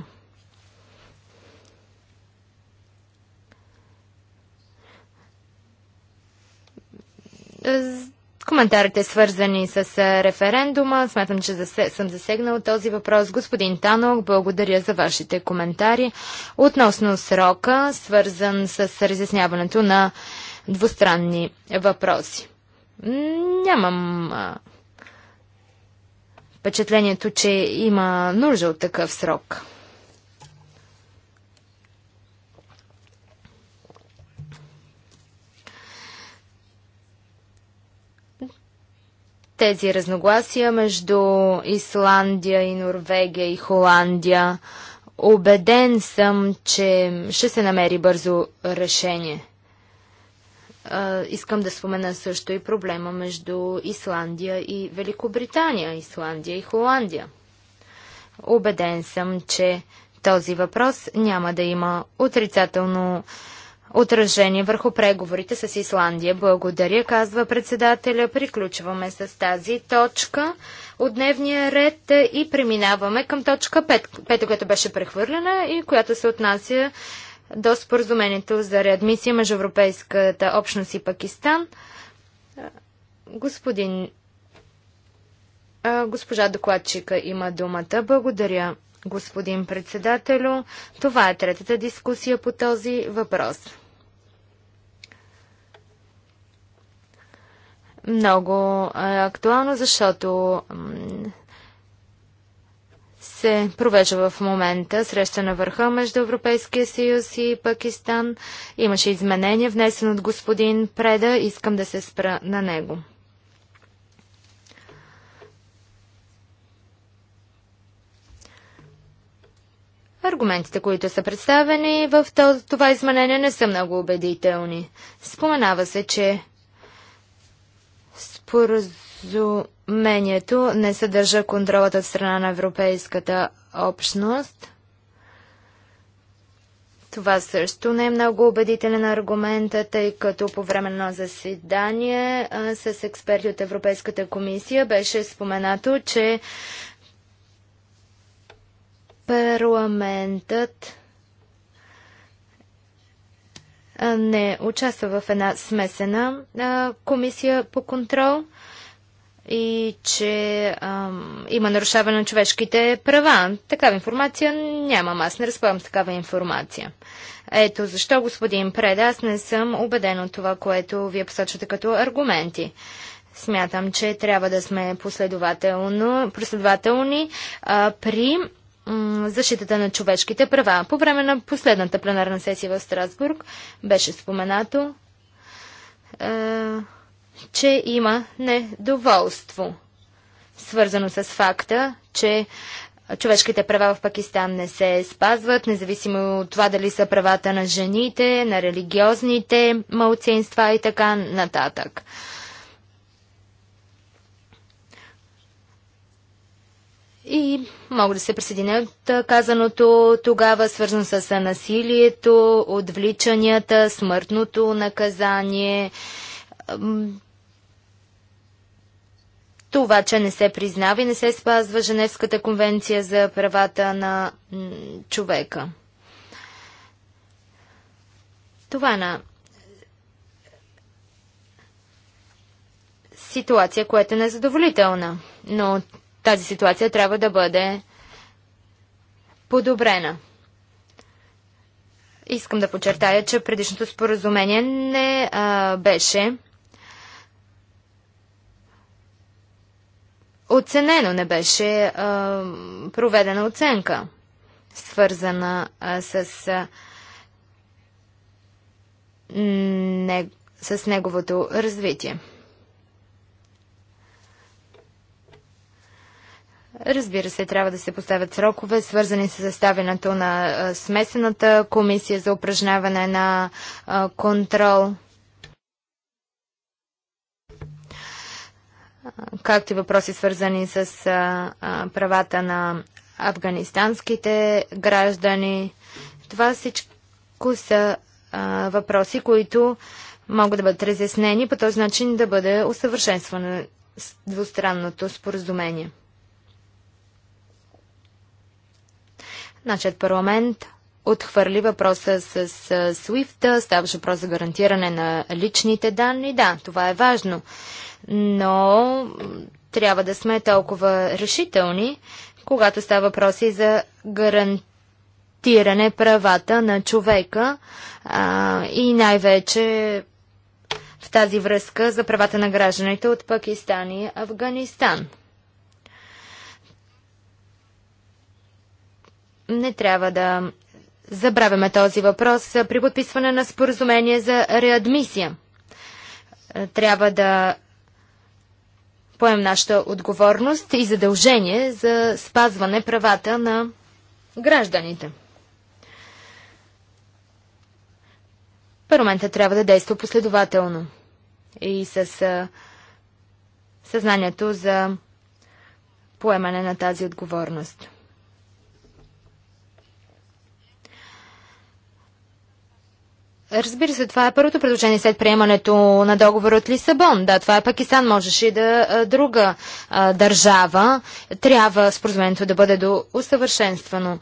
Коментарите свързани с е, референдума. Смятам, че съм засегнал този въпрос. Господин Танок, благодаря за вашите коментари. Относно срока, свързан с разясняването на двустранни въпроси. Нямам впечатлението, че има нужда от такъв срок. Тези разногласия между Исландия и Норвегия и Холандия. Убеден съм, че ще се намери бързо решение. А, искам да спомена също и проблема между Исландия и Великобритания, Исландия и Холандия. Обеден съм, че този въпрос няма да има отрицателно отражение върху преговорите с Исландия. Благодаря, казва председателя. Приключваме с тази точка от дневния ред и преминаваме към точка 5, 5 която беше прехвърлена и която се отнася до споразумението за реадмисия между Европейската общност и Пакистан. Господин Госпожа докладчика има думата. Благодаря, господин председателю. Това е третата дискусия по този въпрос. Много е актуално, защото се провежда в момента среща на върха между Европейския съюз и Пакистан. Имаше изменение, внесено от господин Преда. Искам да се спра на него. Аргументите, които са представени в това изменение, не са много убедителни. Споменава се, че споразумението Споразумението не съдържа контролът от страна на Европейската общност. Това също не е много убедителен аргумент, тъй като по време на заседание а, с експерти от Европейската комисия беше споменато, че парламентът не участва в една смесена а, комисия по контрол и че ам, има нарушаване на човешките права. Такава информация нямам. Аз не разполагам с такава информация. Ето защо, господин Пред, аз не съм убеден от това, което вие посочвате като аргументи. Смятам, че трябва да сме последователно, последователни а, при защитата на човешките права. По време на последната пленарна сесия в Страсбург беше споменато. А, че има недоволство, свързано с факта, че човешките права в Пакистан не се спазват, независимо от това дали са правата на жените, на религиозните малцинства и така нататък. И мога да се присъединя от казаното тогава, свързано с насилието, отвличанията, смъртното наказание, това, че не се признава и не се спазва Женевската конвенция за правата на човека. Това е на ситуация, която е незадоволителна, но тази ситуация трябва да бъде подобрена. Искам да подчертая, че предишното споразумение не а, беше оценено, не беше а, проведена оценка, свързана а, с, а, не, с неговото развитие. Разбира се, трябва да се поставят срокове, свързани с съставянето на смесената комисия за упражняване на контрол. както и въпроси свързани с правата на афганистанските граждани. Това всичко са въпроси, които могат да бъдат разяснени, по този начин да бъде усъвършенствано двустранното споразумение. Значит, парламент отхвърли въпроса с, с SWIFT, ставаше въпрос за гарантиране на личните данни. Да, това е важно но трябва да сме толкова решителни, когато става въпроси за гарантиране правата на човека а, и най-вече в тази връзка за правата на гражданите от Пакистан и Афганистан. Не трябва да забравяме този въпрос при подписване на споразумение за реадмисия. Трябва да поем нашата отговорност и задължение за спазване правата на гражданите. Парламентът трябва да действа последователно и с съзнанието за поемане на тази отговорност. Разбира се, това е първото предложение след приемането на договор от Лисабон. Да, това е Пакистан, можеше и да друга а, държава. Трябва споразумението да бъде до усъвършенствано.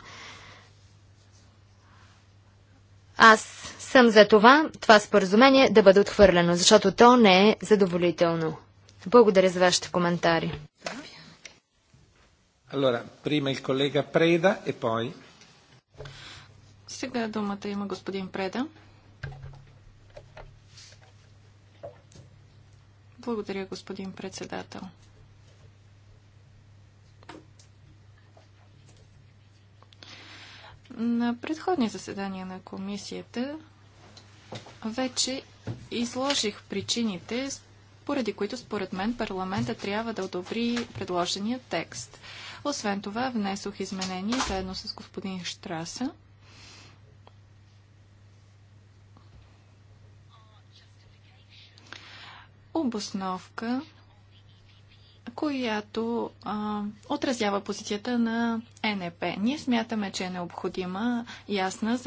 Аз съм за това, това споразумение да бъде отхвърлено, защото то не е задоволително. Благодаря за вашите коментари. Allora, prima il collega Preda e poi... Сега думата има господин Преда. Благодаря, господин председател. На предходни заседания на комисията вече изложих причините, поради които според мен парламента трябва да одобри предложения текст. Освен това, внесох изменения заедно с господин Штраса – обосновка, която а, отразява позицията на НЕП. Ние смятаме, че е необходима ясна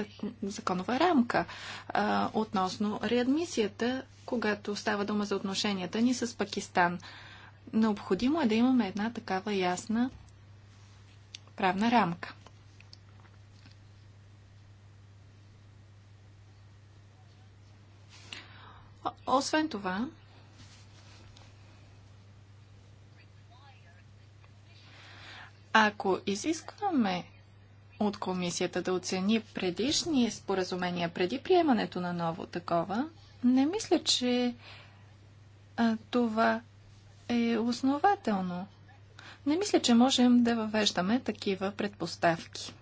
законова рамка а, относно реадмисията, когато става дума за отношенията ни с Пакистан. Необходимо е да имаме една такава ясна правна рамка. Освен това, Ако изискваме от комисията да оцени предишни споразумения преди приемането на ново такова, не мисля, че а, това е основателно. Не мисля, че можем да въвеждаме такива предпоставки.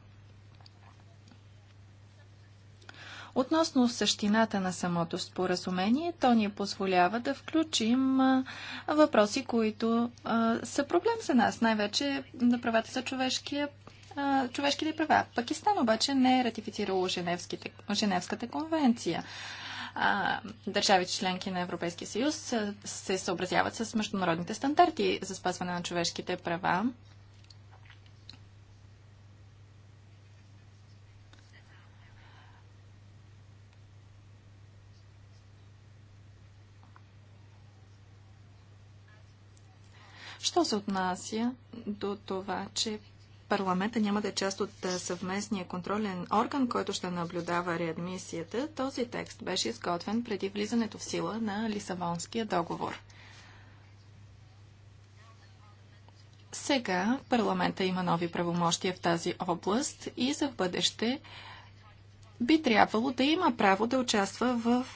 Относно същината на самото споразумение, то ни позволява да включим въпроси, които са проблем за нас, най-вече на правата за човешкия човешките права. Пакистан обаче не е ратифицирало Женевската конвенция. държавите членки на Европейския съюз се съобразяват с международните стандарти за спазване на човешките права Що се отнася до това, че парламента няма да е част от съвместния контролен орган, който ще наблюдава реадмисията, този текст беше изготвен преди влизането в сила на Лисавонския договор. Сега парламента има нови правомощия в тази област и за в бъдеще би трябвало да има право да участва в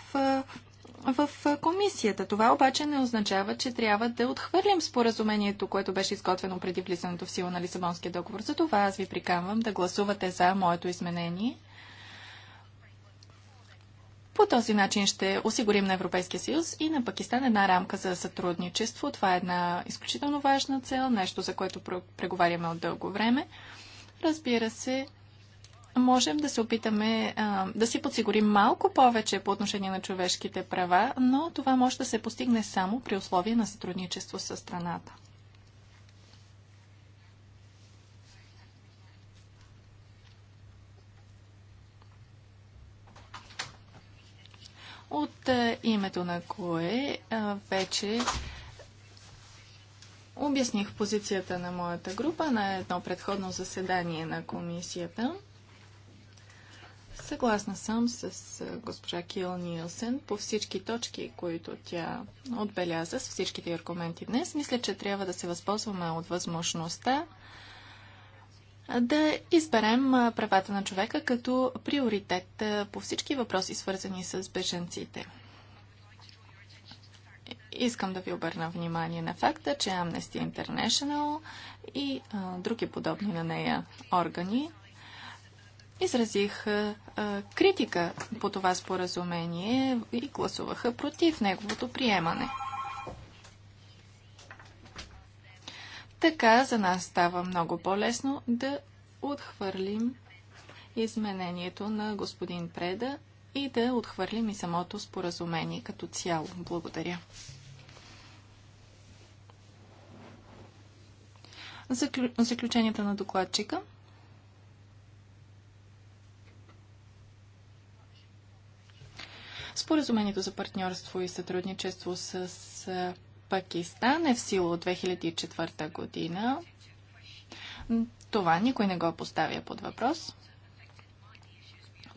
в комисията. Това обаче не означава, че трябва да отхвърлим споразумението, което беше изготвено преди влизането в сила на Лисабонския договор. За това аз ви приканвам да гласувате за моето изменение. По този начин ще осигурим на Европейския съюз и на Пакистан една рамка за сътрудничество. Това е една изключително важна цел, нещо за което преговаряме от дълго време. Разбира се, можем да се опитаме а, да си подсигурим малко повече по отношение на човешките права, но това може да се постигне само при условие на сътрудничество с страната. От а, е, името на кое а, вече обясних позицията на моята група на едно предходно заседание на комисията – Съгласна съм с госпожа Кил Нилсен по всички точки, които тя отбеляза, с всичките аргументи днес. Мисля, че трябва да се възползваме от възможността да изберем правата на човека като приоритет по всички въпроси, свързани с беженците. Искам да ви обърна внимание на факта, че Amnesty International и а, други подобни на нея органи изразих а, критика по това споразумение и гласуваха против неговото приемане. Така за нас става много по-лесно да отхвърлим изменението на господин Преда и да отхвърлим и самото споразумение като цяло. Благодаря. Заклю... Заключенията на докладчика. Споразумението за партньорство и сътрудничество с Пакистан е в сила от 2004 година. Това никой не го поставя под въпрос.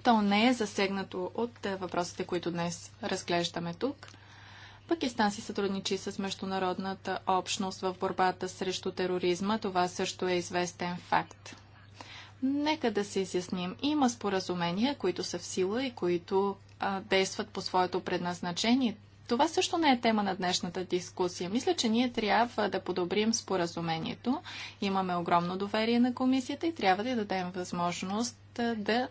То не е засегнато от въпросите, които днес разглеждаме тук. Пакистан си сътрудничи с международната общност в борбата срещу тероризма. Това също е известен факт. Нека да се изясним. Има споразумения, които са в сила и които а, действат по своето предназначение. Това също не е тема на днешната дискусия. Мисля, че ние трябва да подобрим споразумението. Имаме огромно доверие на комисията и трябва да дадем възможност да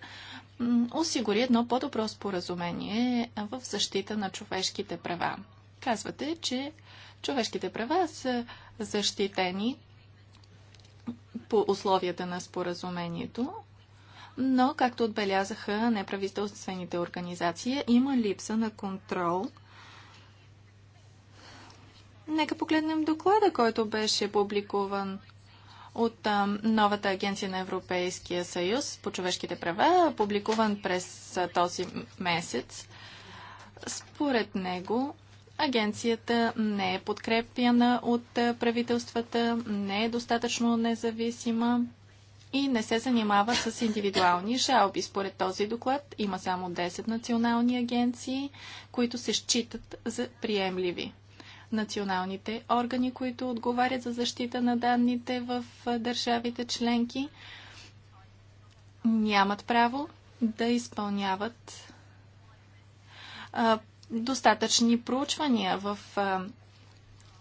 осигури едно по-добро споразумение в защита на човешките права. Казвате, че човешките права са защитени по условията на споразумението, но, както отбелязаха неправителствените организации, има липса на контрол. Нека погледнем доклада, който беше публикуван от а, новата агенция на Европейския съюз по човешките права, публикуван през а, този месец. Според него, агенцията не е подкрепяна от правителствата, не е достатъчно независима и не се занимава с индивидуални жалби. Според този доклад има само 10 национални агенции, които се считат за приемливи. Националните органи, които отговарят за защита на данните в държавите членки, нямат право да изпълняват достатъчни проучвания в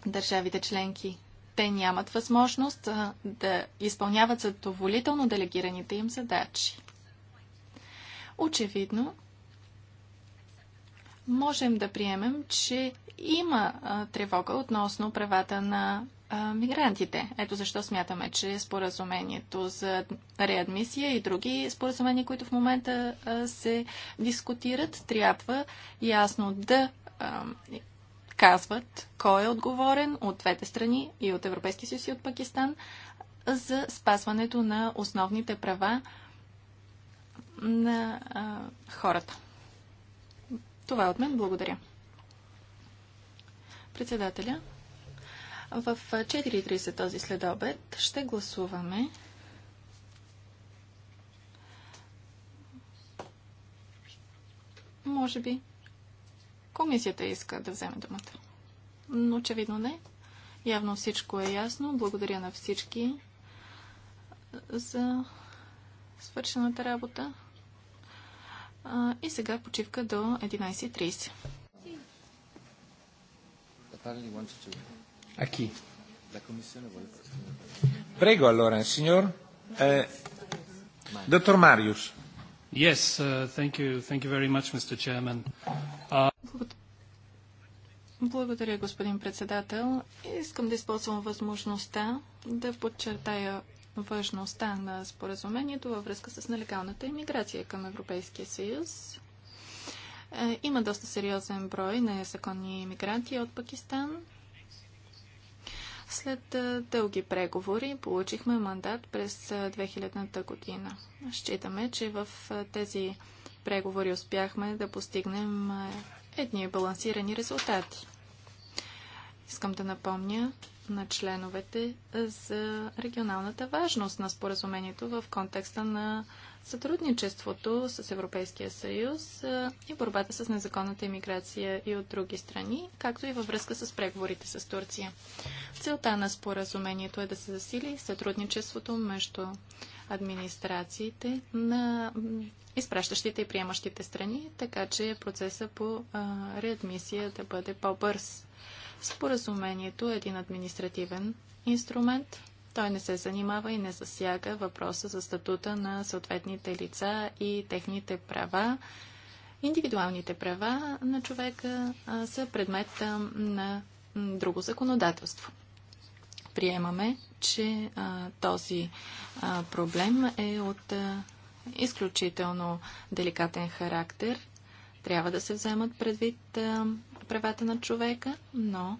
държавите членки те нямат възможност да изпълняват задоволително делегираните им задачи. Очевидно, можем да приемем, че има тревога относно правата на мигрантите. Ето защо смятаме, че споразумението за реадмисия и други споразумения, които в момента се дискутират, трябва ясно да казват кой е отговорен от двете страни и от Европейския съюз и от Пакистан за спазването на основните права на а, хората. Това е от мен. Благодаря. Председателя, в 4.30 този следобед ще гласуваме може би Комисията иска да вземе думата. Но очевидно не. Явно всичко е ясно. Благодаря на всички за свършената работа. И сега почивка до 11.30. A chi? La Commissione vuole Prego allora, signor. Eh, dottor Marius. Yes, uh, thank you. Thank you very much, Mr. Chairman. Uh... Благодаря, господин председател. Искам да използвам възможността да подчертая важността на споразумението във връзка с нелегалната иммиграция към Европейския съюз. Е, има доста сериозен брой на незаконни иммигранти от Пакистан. След е, дълги преговори получихме мандат през 2000-та е, година. Считаме, че в тези преговори успяхме да постигнем едни балансирани резултати. Искам да напомня на членовете за регионалната важност на споразумението в контекста на сътрудничеството с Европейския съюз и борбата с незаконната иммиграция и от други страни, както и във връзка с преговорите с Турция. Целта на споразумението е да се засили сътрудничеството между администрациите на изпращащите и приемащите страни, така че процеса по реадмисия да бъде по-бърз. Споразумението е един административен инструмент. Той не се занимава и не засяга въпроса за статута на съответните лица и техните права. Индивидуалните права на човека са предмет на друго законодателство. Приемаме че а, този а, проблем е от а, изключително деликатен характер. Трябва да се вземат предвид а, правата на човека, но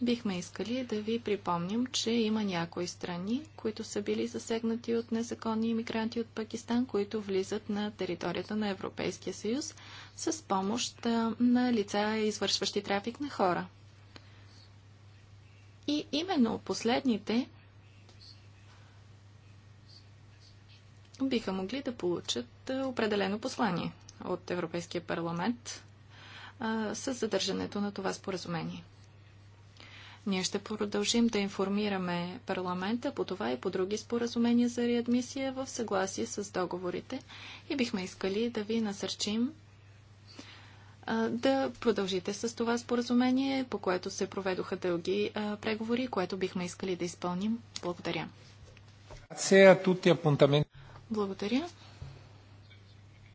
бихме искали да ви припомним, че има някои страни, които са били засегнати от незаконни иммигранти от Пакистан, които влизат на територията на Европейския съюз с помощ а, на лица, извършващи трафик на хора. И именно последните биха могли да получат определено послание от Европейския парламент а, с задържането на това споразумение. Ние ще продължим да информираме парламента по това и по други споразумения за реадмисия в съгласие с договорите и бихме искали да ви насърчим да продължите с това споразумение, по което се проведоха дълги а, преговори, което бихме искали да изпълним. Благодаря. Благодаря.